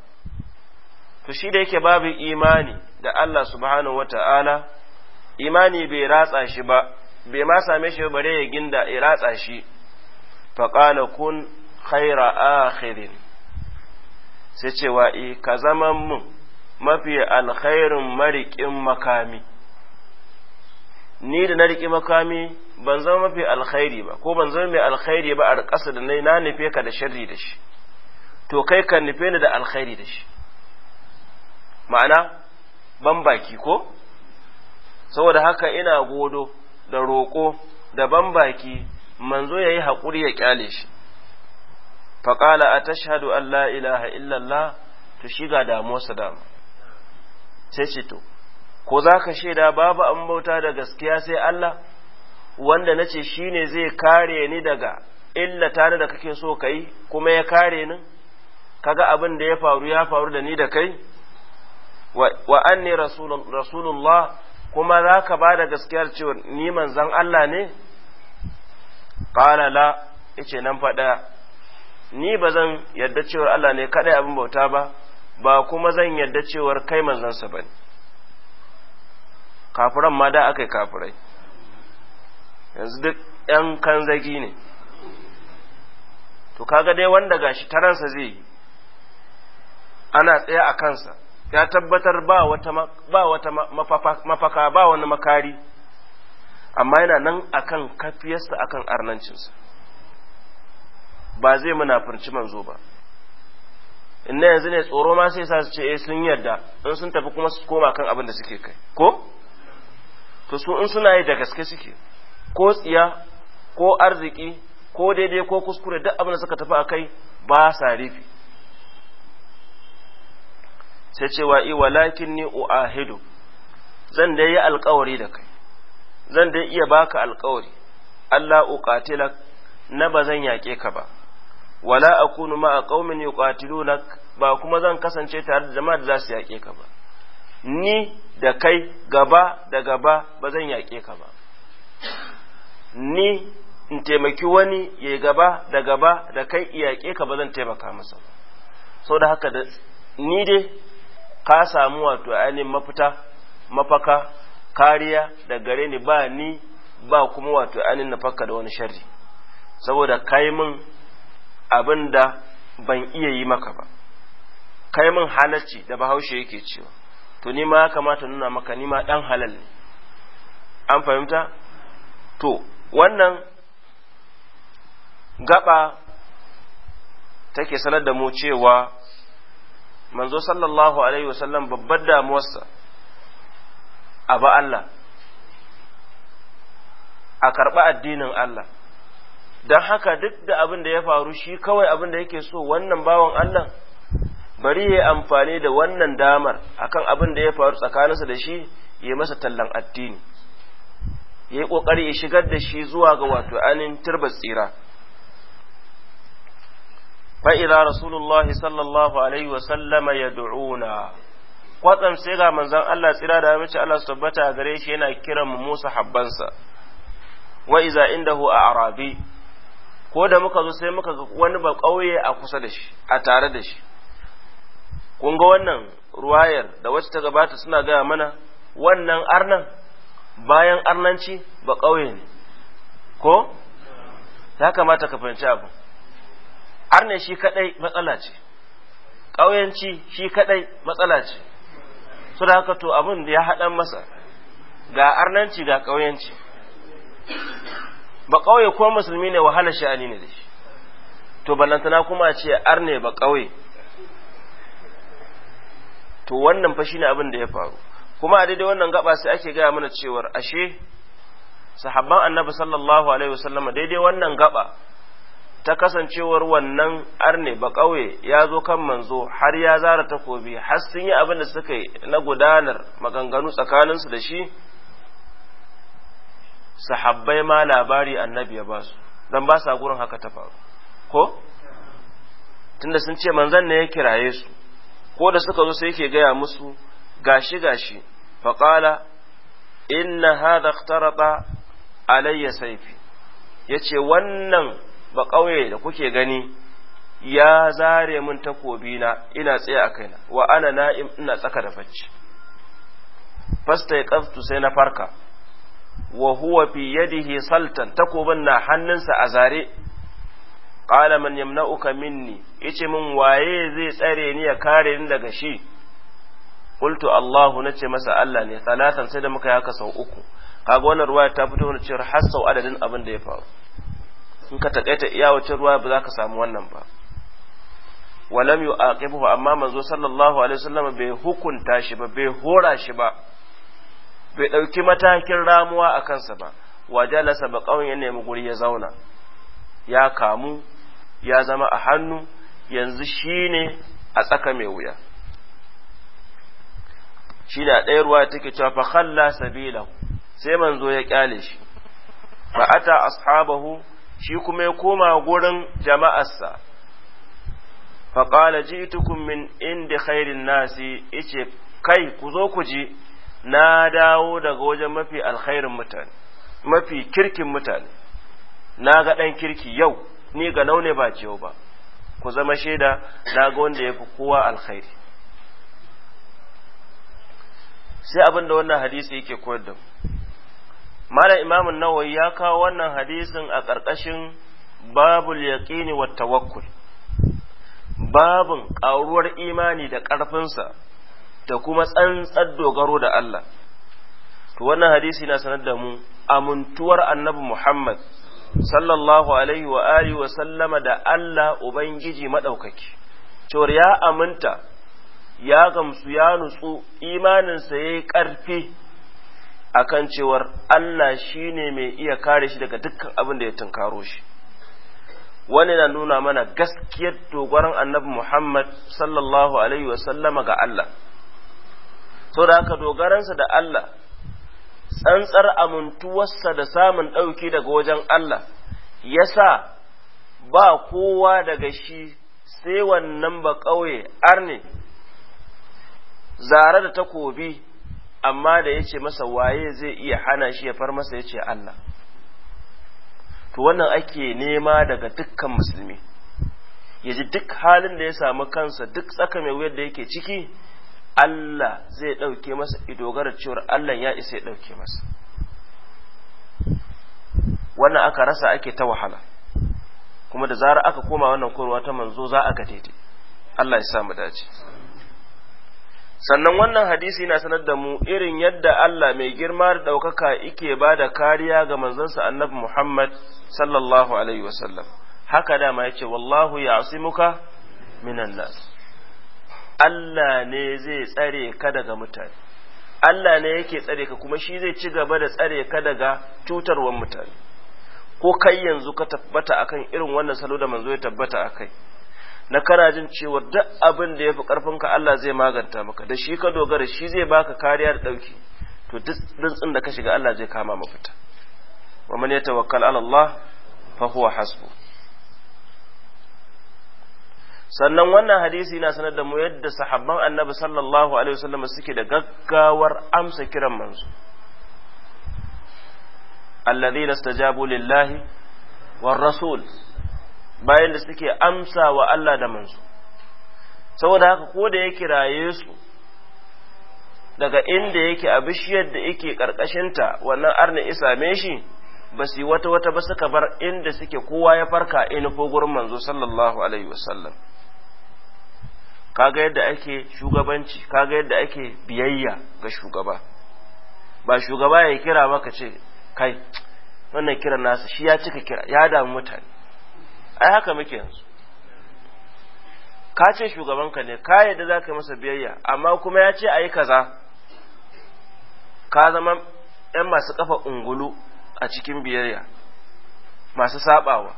to shi da yake babu imani da Allah subhanahu wata'ala imani bai ratsa shi ba bai ma same shi bare ya ginda ya ratsa shi fa qala kun khaira akhirin sai cewa wa'i eh, ka zaman mun mafi alkhairin mariƙin makami ni da na riƙi makami ban zama mafi alkhairi ba ko ban zama mai alkhairi ba a ƙasa da na nufe ka da sharri da shi to kai ka nufe ni da alkhairi da shi ma'ana ban baki ko saboda haka ina godo da roƙo da ban baki manzo ya yi haƙuri ya ƙyale shi faƙala a tashhadu an la ilaha illallah to shiga damuwarsa dama sai ce to ko za ka shaida babu an bauta da gaskiya sai Allah wanda na ce shi ne zai kare ni daga illata ni da kake so ka yi kuma ya kare ni kaga abin da ya faru ya faru da ni da kai wa anni rasulullah kuma za ka ba da gaskiyar cewa ni manzan Allah ne qala la nan faɗa ni ba zan yarda cewar Allah ne kaɗai abin bauta ba ba kuma zan yarda cewar kai manzansa ba ne kafiran ma da aka yi kafirai yanzu duk ‘yan zagi ne to kaga dai wanda gashi taransa zai yi ana tsaya a kansa ya tabbatar ba wata ba wata mafaka ba wani makari amma yana nan akan kafiyarsa akan arnancinsa ba zai munafirci manzo ba in yanzu ne tsoro ma sai sa su ce eh sun yarda in sun tafi kuma su koma kan abin da suke kai ko to su in suna yi da gaske suke ko tsiya ko arziki ko daidai ko kuskure duk abin da suka tafi a kai ba sa rifi sai cewa i walakin ni uahidu zan dai yi alkawari da kai zan dai iya baka alkawari Allah uqatilak na ba zan yaƙe ka ba wala akunu ma a qaumin yuqatilunak ba kuma zan kasance tare da jama'a da za su yaƙe ka ba ni da kai gaba da gaba ba zan yaƙe ka ba ni in taimaki wani ya gaba da gaba da kai yaƙe ka ba zan taimaka masa ba sau da haka da ni dai ka samu wato ainihin mafita mafaka kariya da gare ni ba ni ba kuma wato ainihin na fakka da wani sharri saboda kai min abin da ban iya yi maka ba kai min halacci da bahaushe yake cewa to ni ma ya kamata nuna maka ni ma dan halal ne an fahimta to wannan gaba take sanar da mu cewa manzo sallallahu alaihi wasallam babbar damuwarsa a ba Allah a karɓi addinin Allah don haka duk da abin da ya faru shi kawai abin da yake so wannan bawan Allah bari ya amfani da wannan damar akan abin da ya faru tsakaninsa da shi ya masa tallan addini ya yi ƙoƙari ya shigar da shi zuwa ga wato anin turbar tsira fa'iza rasulullahi sallallahu alaihi wasallama ya du'una kwatsam sai ga manzan Allah tsira da mace Allah su tabbata a gare shi yana kiran Musa habbansa wa iza indahu a arabi ko da muka zo sai muka ga wani ba ƙauye a kusa da shi a tare da shi kun ga wannan ruwayar da wacce ta gabata suna gaya mana wannan arnan bayan arnanci ba ƙauye ne ko ya kamata ka fahimci abu arne shi kadai matsala ce ƙauyenci shi kadai matsala ce su da haka to abin da ya haɗan masa ga arnanci ga ƙauyenci ba ƙauye ko musulmi ne wahala sha'ani ne da shi to ballantana kuma ce arne ba ƙauye to wannan fa ne abin da ya faru kuma a daidai wannan gaba sai ake gaya mana cewar ashe sahabban annabi sallallahu alaihi wasallama daidai wannan gaba ta kasancewar wannan arne ba ƙauye ya zo kan manzo har ya zara takobi har sun yi abin da suka yi na gudanar maganganu tsakaninsu da shi sahabbai ma labari annabi ya ba su don ba sa gurin haka ta faru ko tunda sun ce manzon ne ya kiraye su ko da suka zo sai yake gaya musu gashi gashi faƙala inna hadha ikhtarata alayya saifi yace wannan ba ƙauye da kuke gani ya zare min takobi na ina tsaye a kaina wa ana na'im ina tsaka da bacci fasta ya sai na farka wa huwa fi yadihi saltan takoban na hannunsa a zare qala man yamna'uka minni yace min waye zai tsare ni ya kare ni daga shi qultu Allahu nace masa Allah ne salasan sai da muka yi haka sau uku kaga wannan ruwa ta fito ne cewa har sau adadin abin da ya faru in ka takaita iya wacce ruwa ba za ka samu wannan ba walam yu'aqibuhu amma manzo sallallahu alaihi wasallam bai hukunta shi ba bai hora shi ba bai dauki matakin ramuwa a kansa ba wajalasa ba kauyen ya nemi guri ya zauna ya kamu ya zama a hannu yanzu shi ne a tsaka mai wuya shi da ɗaya ruwa take cewa fahalla sabila sai manzo ya kyale shi a ta ashabahu shi kuma ya koma gurin jama'arsa faƙala ji ji'tukum min indi khairin nasi ice kai ku zo ku ji na dawo daga wajen mafi alkhairin mutane mafi kirkin mutane na ga ɗan kirki yau ni ga naune ba ciwo ba ku zama shaida na ga wanda ya fi kowa alkhairi sai abinda da wannan hadisi yake koyar da mu malam imamun nawawi ya kawo wannan hadisin a ƙarƙashin babul yaqini wa tawakkul babin ƙaruwar imani da ƙarfinsa da kuma tsantsar dogaro da Allah to wannan hadisi na sanar da mu amintuwar annabi Muhammad sallallahu alaihi wa alihi wa sallama da Allah ubangiji madaukaki cewar ya aminta ya gamsu ya nutsu imaninsa yayi karfi akan cewar Allah shine mai iya kare shi daga dukkan abin da ya tunkaro shi wani na nuna mana gaskiyar dogaron annabi Muhammad sallallahu alaihi wa sallama ga Allah da haka dogaransa da Allah tsantsar amintuwarsa da samun ɗauki daga wajen Allah ya sa ba kowa daga shi sai wannan ba ƙauye arne zare da takobi amma da ya ce masa waye zai iya hana shi ya far masa ya ce Allah to wannan ake nema daga dukkan musulmi ya ji duk halin da ya samu kansa duk tsaka mai wuyar da yake ciki Allah zai ɗauke masa idogara cewar Allah ya isa ya ɗauke masa wannan aka rasa ake ta wahala kuma da zara aka koma wannan korwa ta manzo za a ga Allah ya samu dace sannan wannan hadisi na sanar da mu irin yadda Allah mai girma da ɗaukaka ike ba da kariya ga manzansa annabi Muhammad sallallahu alaihi wasallam haka dama ya ce wallahu ya asimuka minan nas Allah ne zai tsare ka daga mutane Allah ne yake tsare ka kuma shi zai ci gaba da tsare ka daga cutarwar mutane ko kai yanzu ka tabbata akan irin wannan salo da manzo ya tabbata akai na kana jin cewa duk abin da yafi karfin ka Allah zai maganta maka da shi ka dogara shi zai baka kariya da dauki to duk dantsin da ka shiga Allah zai kama mafita wa man yatawakkal ala Allah fa huwa hasbuh sannan wannan hadisi na sanar da mu yadda sahabban annabi sallallahu alaihi wasallam suke da gaggawar amsa kiran manzo alladhina istajabu lillahi war rasul bayan da suke amsa wa Allah da manzo saboda haka ko da ya kiraye su daga inda yake a bishiyar da yake karkashinta wannan arna me shi ba su wata wata ba suka bar inda suke kowa ya farka ina ko gurin manzo sallallahu alaihi wasallam kaga yadda ake shugabanci kaga yadda ake biyayya ga shugaba ba shugaba ya kira maka ce kai wannan kiran nasa shi ya cika kira ya damu mutane ai haka muke yanzu ka ce shugabanka ne ka yadda za ka yi masa biyayya amma kuma ya ce a yi kaza ka zama yan masu kafa ungulu a cikin biyayya masu sabawa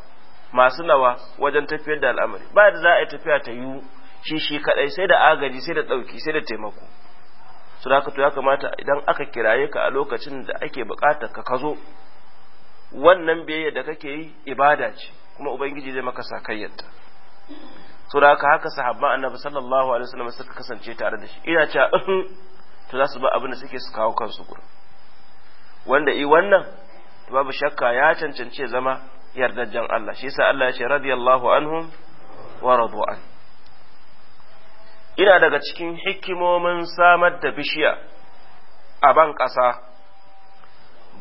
masu nawa wajen tafiyar da al'amari ba da za a yi tafiya ta yiwu shi shi kadai sai da agaji sai da dauki sai da taimako su da ya kamata idan aka kiraye ka a lokacin da ake bukatar ka kazo wannan biyayya da kake yi ibada ce kuma ubangiji zai maka sakayyarta so da haka haka sahabban annabi sallallahu alaihi wasallam suka kasance tare da shi ina cewa to za su ba abin da suke su kawo kansu gurin wanda i wannan babu shakka ya cancance zama yardajjan Allah shi yasa Allah ya ce radiyallahu anhum wa radu anhu ina daga cikin hikimomin samar da bishiya a ban ƙasa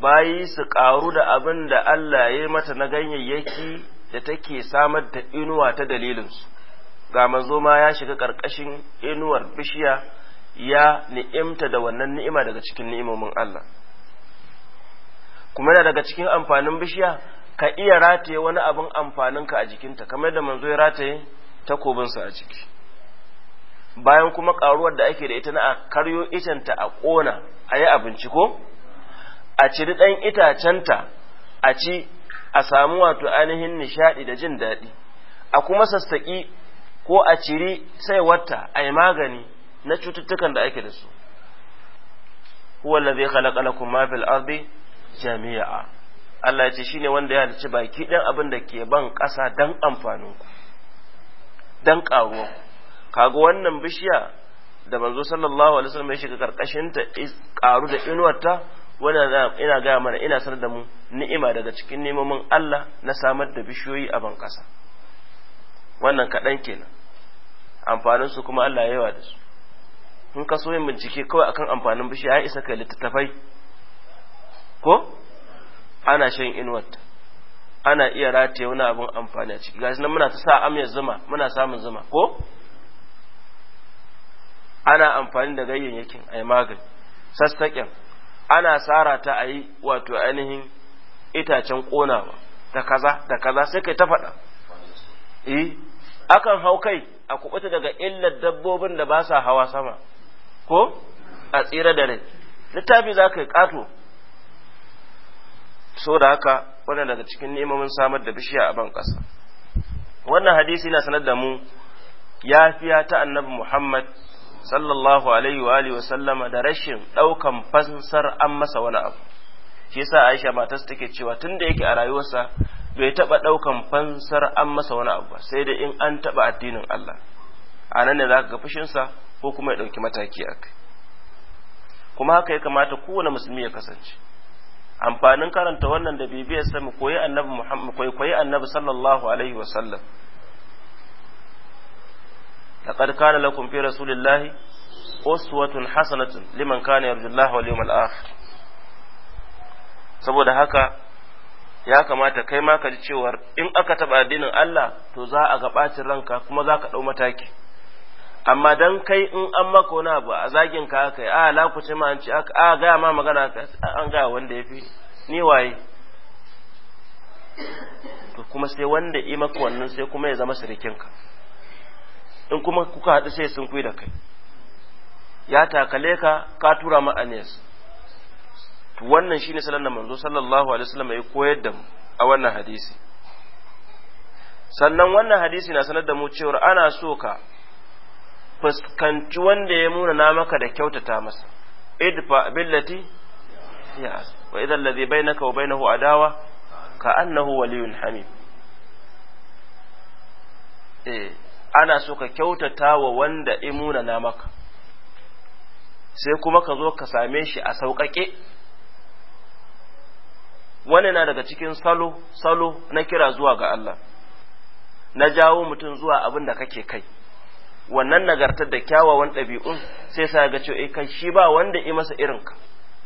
bayi su ƙaru da abin da Allah ya yi mata na ganyayyaki da take samar da inuwa ta dalilinsu ga manzo ma ya shiga ƙarƙashin inuwar bishiya ya ni'imta da wannan ni'ima daga cikin ni'imomin Allah kuma yana daga cikin amfanin bishiya ka iya rataye wani abin amfaninka a jikinta kamar da manzo ya rataye takobinsa a jiki bayan kuma karuwar da ake da ita na a karyo itanta a ƙona a yi abinci ko a ciri ɗan itacenta a ci a samu wato ainihin nishaɗi da jin daɗi a kuma sassaƙi ko a ciri sai wata a yi magani na cututtukan da ake da su huwa allazi khalaqa lakum ma fil ardi jami'a Allah ya ce shine wanda ya halicci baki ɗan abin da ke ban ƙasa dan amfaninku dan ƙaruwanku kaga wannan bishiya da manzo sallallahu alaihi wasallam ya shiga karkashin ta karu da inuwarta wanda ina ga mana ina sanar da mu ni'ima daga cikin nemomin Allah na samar da bishiyoyi a bankasa wannan kaɗan kenan amfanin su kuma Allah yawa da su in ka so yin bincike kawai akan amfanin bishiya ya isa kai littattafai ko ana shan inuwarta ana iya rataye wani abin amfani a ciki gashi nan muna ta sa amiyar zuma muna samun zuma ko ana amfani da ganyayyakin a yi magani sassaƙen ana sara ta a yi wato ainihin itacen ƙonawa da kaza da kaza sai kai ta faɗa eh akan hau kai a kubuta daga illar dabbobin da ba sa hawa sama ko a tsira da rai littafi za ka yi ƙato so da haka wannan daga cikin nemomin samar da bishiya a ban ƙasa wannan hadisi na sanar da mu yafiya ta annabi muhammad sallallahu alaihi wa alihi da rashin ɗaukan fansar an masa wani abu shi yasa Aisha matas take cewa tunda yake a rayuwarsa bai taba ɗaukan fansar an masa wani abu ba sai da in an taba addinin Allah anan ne zaka ga fushin sa ko kuma ya ɗauki mataki akai kuma haka ya kamata kowane musulmi ya kasance amfanin karanta wannan da bibiyar sa mu koyi annabi Muhammad koyi annabi sallallahu alaihi wa sallam. laqad kana lakum fi rasulillahi uswatun Hassanatu liman kana yarjullaha wal yawmal akhir saboda haka ya kamata kai ma ka ji cewar in aka taba addinin Allah to za a ga bacin ranka kuma za ka ɗau mataki amma dan kai in an maka wani abu a zagin ka aka yi a lakuce ma an ci aka a gaya ma magana ka an gaya wanda ya fi ni waye to kuma sai wanda yi maka wannan sai kuma ya zama sirikinka in kuma kuka haɗu sai sun da kai ya takale ka ka tura ma anes to wannan shine salon da manzo sallallahu alaihi wasallam ya koyar da mu a wannan hadisi sannan wannan hadisi na sanar da mu cewa ana so ka fuskanci wanda ya muna na maka da kyautata masa idfa billati ya wa idan ladhi bainaka wa bainahu adawa ka annahu waliyun hamid eh ana so ka kyautata wa wanda imuna na maka sai kuma ka zo ka same shi a sauƙaƙe wani na daga cikin salo salo na kira zuwa ga Allah na jawo mutum zuwa abin da kake kai wannan nagartar da kyawawan ɗabi'un sai sa ga cewa eh, kai shi ba wanda i masa irinka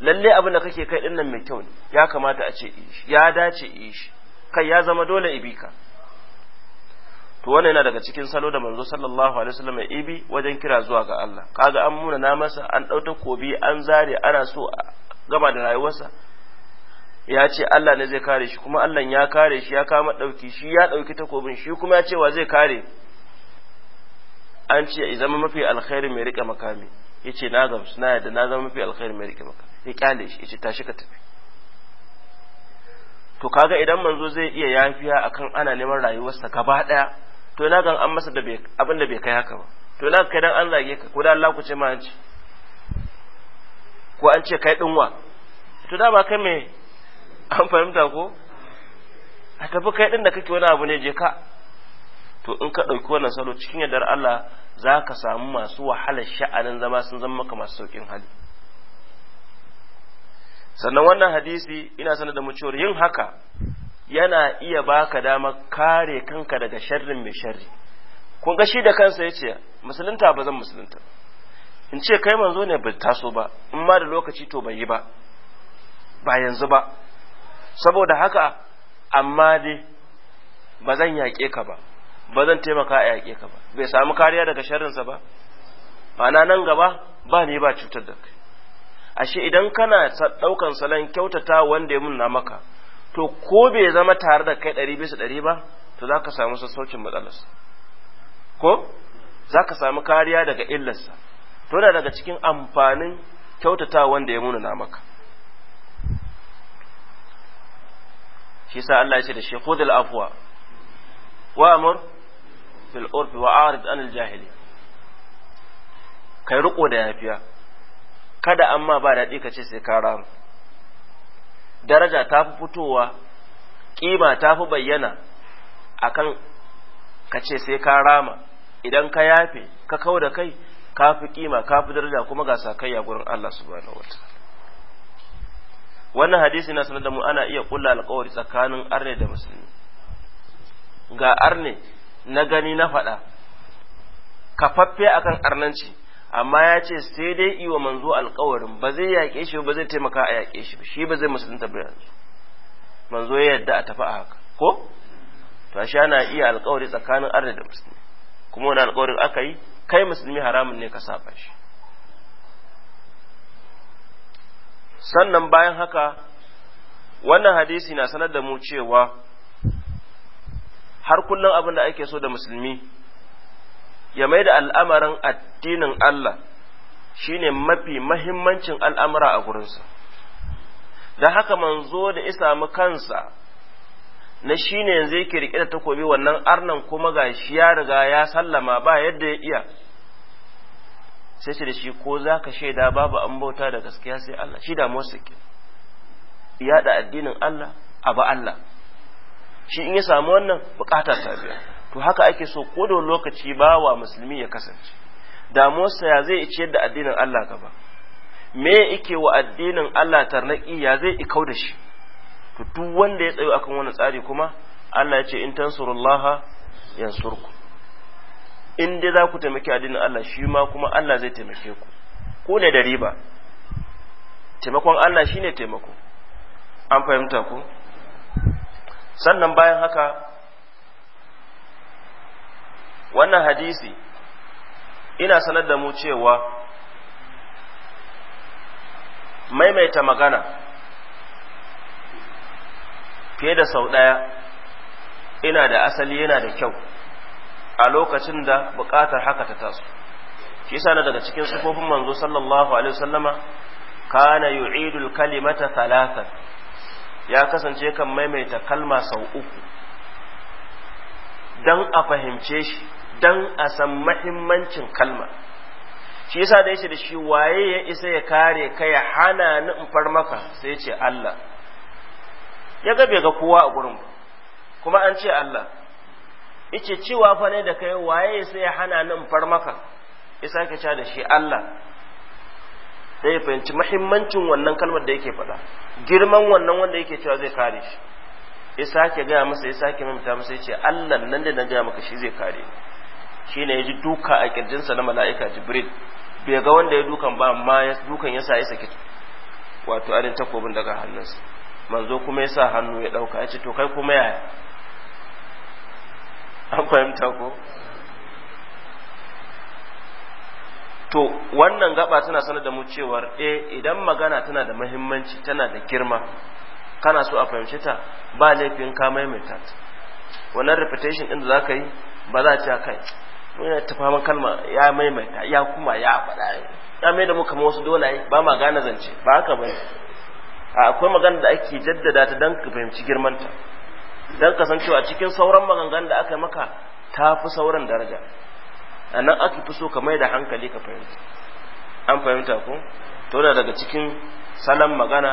lalle abin da kake kai ɗin mai kyau ne ya kamata a ce eh, ya dace yi eh, shi kai ya zama dole ibi ka to wannan yana daga cikin salo da manzo sallallahu alaihi wasallam ya ibi wajen kira zuwa ga Allah kaga an muna na masa an dauta kobi an zare ana so a gama da rayuwarsa ya ce Allah ne zai kare shi kuma Allah ya kare shi ya kama dauki shi ya dauki takobin shi kuma ya ce wa zai kare an ce ya zama mafi alkhairi mai rike makami yace na gamsu na yadda na zama mafi alkhairi mai rike makami ya kyale shi yace tashi ka tafi to kaga idan manzo zai iya yafiya akan ana neman rayuwarsa gaba daya to na gan an masa abin da bai kai haka ba to na kai dan an zage ka ko da Allah ku ce ma an ce ko an ce kai dinwa to da ba kai me an fahimta ko a tafi kai din da kake wani abu ne je ka to in ka ɗauki wannan salo cikin yardar Allah za ka samu masu wahalar sha'anin zama sun zama maka masu sauƙin hali sannan wannan hadisi ina sanar da mu yin haka yana iya baka damar kare kanka daga sharrin mai sharri kun ga shi da kansa yace musulunta ba zan musulunta in ce kai manzo ne bai taso ba in ma da lokaci to bai yi ba ba yanzu ba saboda haka amma dai ba zan yaƙe ka ba ba zan taimaka a yaƙe ka ba bai samu kariya daga sharrinsa ba ma'ana nan gaba ba ne ba cutar da kai ashe idan kana ɗaukan salon kyautata wanda ya munna maka to ko bai zama tare da kai ɗari bisa ɗari ba to za ka samu sassaucin matsalarsa ko za ka samu kariya daga illarsa to da daga cikin amfanin kyautata wanda ya muna maka shi sa Allah ya ce da shi da al'afuwa wa amur bil urfi wa arid anil jahili kai riko da yafiya kada amma ba daɗi ka ce sai ka rama daraja ta fi fitowa kima ta fi bayyana akan ka ce sai ka rama idan ka yafe ka kawo da kai ka fi kima ka fi daraja kuma ga sakayya gurin Allah subhanahu wataala wannan hadisi na sanar da mu ana iya kulla alƙawari tsakanin arne da musulmi ga arne na gani na faɗa kafaffe akan arnanci amma ya ce sai dai iwa manzo alkawarin ba zai yaƙe shi ba zai taimaka a yaƙe shi shi ba zai musulunta ba yanzu manzo ya yadda a tafi a haka ko to shi ana iya alkawari tsakanin arda da musulmi kuma wani alkawarin aka yi kai musulmi haramun ne ka saba shi sannan bayan haka wannan hadisi na sanar da mu cewa har kullum abin da ake so da musulmi ya mai da al'amarin addinin Allah shi ne mafi mahimmancin al'amura a gurinsa da haka manzo da isa mu kansa na shi ne yanzu yake riƙe da takobi wannan arnan kuma ga shi ya riga ya sallama ba yadda ya iya sai ce da shi ko za ka shaida babu an bauta da gaskiya sai Allah shi da sake ya da addinin Allah a ba Allah shi in ya samu wannan bukata ta biya to haka ake so ko da lokaci bawa musulmi ya kasance damuwarsa ya zai ice da addinin Allah gaba me yake wa addinin Allah tarnaki ya zai ikau da shi to duk wanda ya tsayo akan wannan tsari kuma Allah ya ce in tansurullaha yansurku in dai za ku taimaki addinin Allah shi ma kuma Allah zai taimake ku ko ne da riba taimakon Allah shine taimako an fahimta ku sannan bayan haka wannan hadisi ina sanar da mu cewa maimaita magana fiye da sau ɗaya ina da asali yana da kyau a lokacin da buƙatar haka ta taso shi yasa na daga cikin sufofin manzo sallallahu alaihi wasallama kana yu'idul kalimata thalathan ya kasance kan maimaita kalma sau uku dan a fahimce shi dan a san mahimmancin kalma shi yasa da yace da shi waye ya isa ya kare ka ya hana ni in far maka sai ce Allah ya ga bai ga kowa a gurin kuma an ce Allah yace cewa fa ne da kai waye sai ya hana ni in far maka isa ka da shi Allah sai ya fahimci mahimmancin wannan kalmar da yake faɗa girman wannan wanda yake cewa zai kare shi ya sake gaya masa ya sake mamta masa ya ce Allah nan da na gaya maka shi zai kare ni shine ya ji duka a kirjinsa na mala'ika jibril bai ga wanda ya dukan ba amma ya dukan ya saki wato arin takobin daga hannunsa manzo kuma ya sa hannu ya ɗauka, ya ce to kai kuma yaya an fahimta ko to wannan gaba tana sanar da mu cewar e idan magana tana da muhimmanci tana da girma kana so a fahimcita, ta ba laifin ka maimaita wannan reputation din da ka yi ba za a kai yana ta kalma ya maimaita ya kuma ya faɗa ya mai da muka wasu dolaye ba ma gane zance ba haka bane a akwai magana da ake jaddada ta don ka fahimci girmanta don ka san cewa cikin sauran maganganun da aka maka ta fi sauran daraja a nan ake fi so ka mai da hankali ka fahimci an fahimta ko to da daga cikin salon magana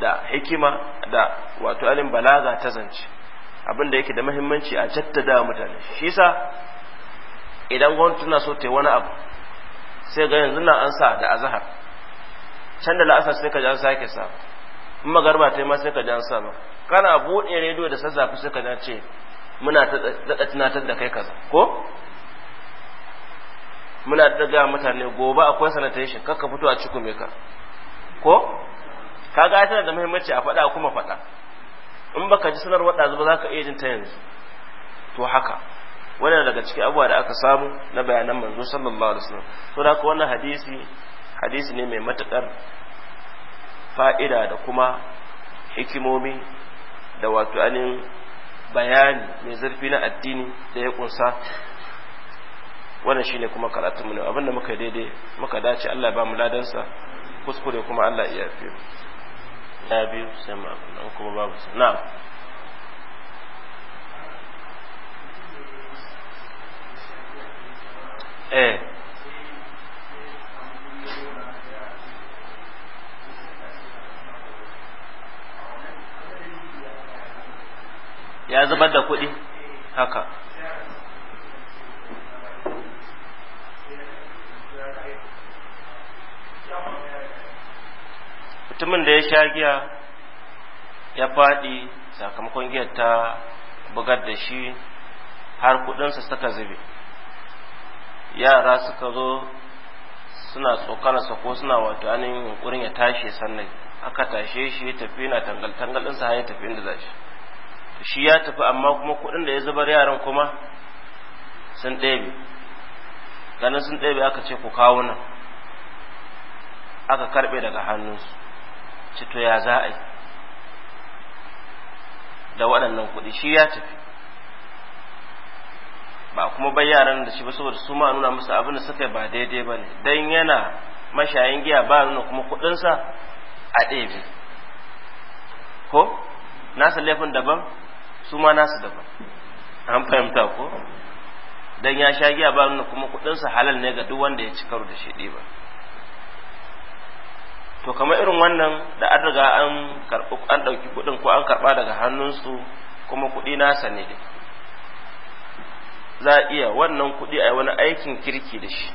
da hikima da wato alin balaga ta zance abin da yake da muhimmanci a jaddada mutane shi yasa idan gwamnati tana so ta yi wani abu sai ga yanzu na an sa da azhar can da la'asar sai ka ji an sake sa in magarba ta yi ma sai ka ji an sa ma kana buɗe rediyo da sassafe sai ka ji ce muna daɗa tunatar da kai kaza ko muna daga mutane gobe akwai sanatashin kakka fito a cikume ka ko ka ga tana da muhimmanci a faɗa kuma faɗa in baka ji sanarwar ɗazu ba za ka iya jin ta yanzu to haka wannan daga cikin abubuwa da aka samu na bayanan manzo sallallahu alaihi wasallam to da wannan hadisi hadisi ne mai matukar fa'ida da kuma hikimomi da wato anin bayani mai zurfi na addini da ya kunsa wannan shine kuma karatunmu ne abinda muka daidai muka dace Allah ba mu ladansa kuskure kuma Allah iya fiye na biyu sai ma kuma babu na'am eh ya zubar da kuɗi haka mutumin da ya sha giya ya faɗi sakamakon giyar ta bugar da shi har kuɗinsa suka zube yara suka zo suna tsokararsa ko suna wato anin yunkurin ya tashi sannan aka tashe shi ya tafi na tangal-tangal ɗinsa har ya tafi inda za shi shi ya tafi amma kuma kuɗin da ya zubar yaran kuma sun ɗebe ganin sun ɗebe aka ce ku kawo nan aka karɓe daga hannunsu cito ya za a yi da waɗannan kuɗi shi ya tafi ba kuma bai yaran da shi ba saboda su ma nuna musu abin da suka ba daidai ba ne dan yana mashayin giya ba nuna kuma kuɗinsa a ɗebe ko nasa laifin daban su ma nasu daban an fahimta ko dan ya sha giya ba nuna kuma kuɗinsa halal ne ga duk wanda ya ci karo da shi ɗiba to kamar irin wannan da an riga an ɗauki kuɗin ko an karɓa daga hannunsu kuma kuɗi nasa ne dai za a iya wannan kuɗi a wani aikin kirki da shi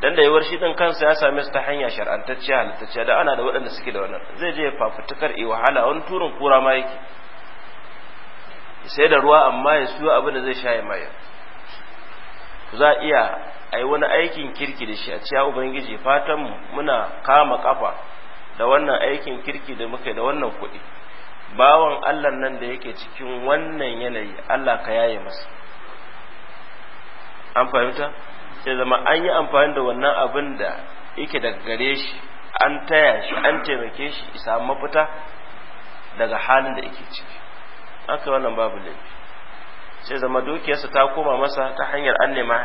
dan da yawar shi din kansa ya same su ta hanya shar'antacciya halittacciya da ana da waɗanda suke da wannan zai je fafutukar iya wahala wani turin kura ma yake sai da ruwa amma ya siyo abin da zai sha ya maye za a iya a yi wani aikin kirki da shi a ciya ubangiji fatan muna kama kafa da wannan aikin kirki da muka da wannan kuɗi bawan Allah nan da yake cikin wannan yanayi Allah ka yaye masa an fahimta sai zama an yi amfani da wannan abin da yake daga gare shi an taya shi an taimake shi isa mafita daga halin da yake ciki aka wannan babu laifi sai zama dukiyarsa ta koma masa ta hanyar an nema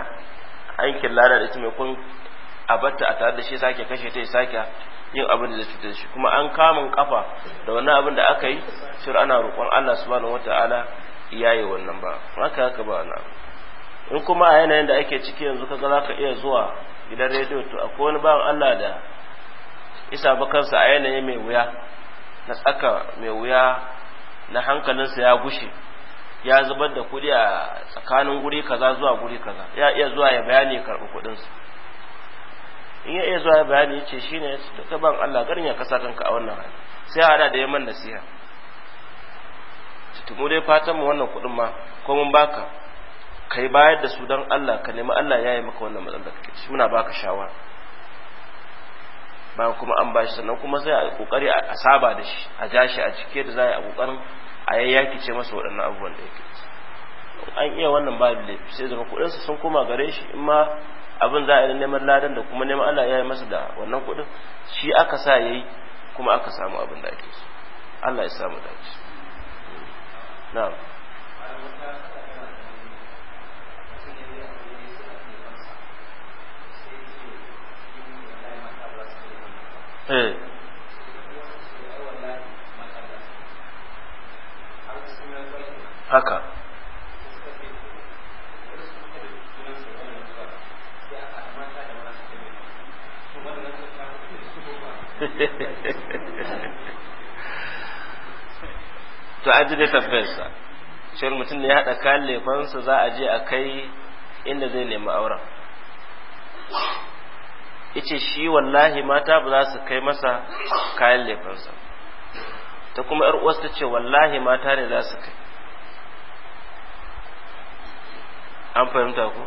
hankin lada da ita mai kun a batta a tare da shi sake kashe ta ya sake yin abin da zai cutar shi kuma an kamun kafa da wannan abin da aka yi shir ana roƙon Allah subhanahu wataala yi wannan ba haka haka ba na in kuma a yanayin da ake ciki yanzu kaga zaka iya zuwa gidan rediyo to akwai wani bawan Allah da isa ba kansa a yanayin mai wuya na tsaka mai wuya na hankalinsa ya gushe ya zubar da kuɗi a tsakanin guri kaza zuwa guri kaza ya iya zuwa ya bayani ya karɓi sa. in ya iya zuwa bayani ya ce shi ne ka ban Allah garin ya kasa kanka a wannan hali sai a hada da yaman nasiha mu dai fatan mu wannan kuɗin ma ko mun baka kai bayar da su don Allah ka nemi Allah ya yi maka wannan matsalar da kake muna baka shawara Ba kuma an bashi sannan kuma sai a kokari a saba da shi a ja shi a cike da zai a kokarin a yayyaki ce masa waɗannan abubuwan da yake an iya wannan ba da sai zama kuɗinsa sun koma gare shi in ma abin za a yi neman ladan da kuma neman Allah ya yi masa da wannan kuɗin shi aka sa yayi kuma aka samu abin da ake so Allah ya samu dace na'am eh haka to a ji dai shi mutum ne ya haɗa kayan laifansa za a je a kai inda zai nemi auren ice shi wallahi mata ba za su kai masa kayan lefansa ta kuma yar uwarsa ta ce wallahi mata ne za su kai an fahimta ku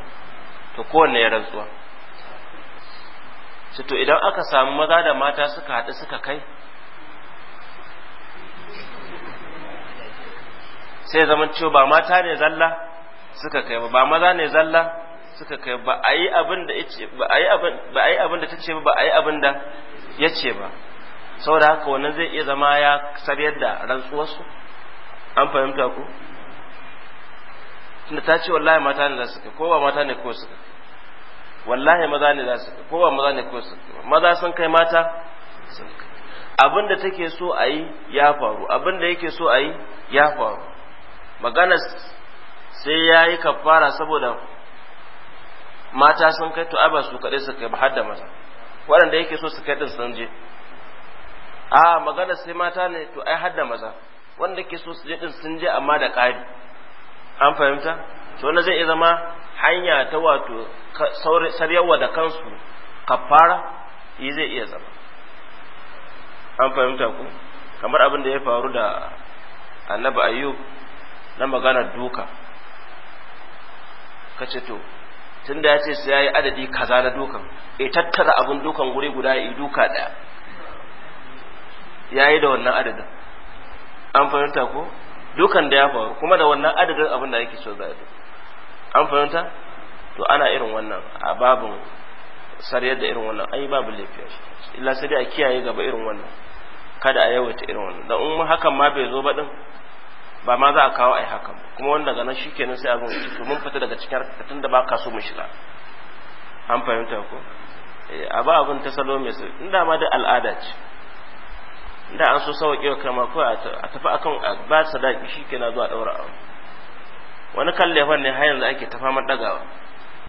to kowanne ya rantsuwa su to idan aka samu maza da mata suka haɗu suka kai sai zaman cewa ba mata ne zalla suka kai ba ba maza ne zalla suka kai ba a yi abin da ta ce ba ba a yi abin da ya ce ba saboda haka wannan zai iya zama ya sabiyar da rantsuwarsu an fahimta ku tunda ta ce wallahi mata ne za su kai ko ba mata ne ko suka kai wallahi maza ne za su kowa maza ne ko su maza sun kai mata sun kai abin da take so a yi ya faru abin da yake so a yi ya faru magana sai ya yi kafara saboda mata sun kai to ba su kaɗai su kai har da maza waɗanda yake so su kai ɗin sun je a magana sai mata ne to ai har da maza wanda ke so su je ɗin sun je amma da ƙari an fahimta to na zai iya zama hanya ta wato saryawa da kansu kafara yi zai iya zama an fahimta ku kamar abin da ya faru da annabi ayyub na magana duka Ka ce to tun da ya ce sai ya yi adadi kaza na dukan e tattara abin dukan guri guda ya yi duka ɗaya ya yi da wannan adadin an fahimta ko dukan da ya faru kuma da wannan adadin abin da yake so za a an fahimta to ana irin wannan a babin sariyar da irin wannan ai babu lafiya shi illa sai dai a kiyaye gaba irin wannan kada a yawaita irin wannan da in hakan ma bai zo ba din ba ma za a kawo ai hakan kuma wanda daga nan shikenan sai abin to mun fita daga cikin harkatun da ba ka so mu shiga an fahimta ko eh, a ba abin ta salo mai sauki inda ma da al'ada ce inda an so sauƙi wa kama ko a tafi akan ba sadaki shikenan zuwa daura aure wani kan ne har yanzu ake ta faman ɗagawa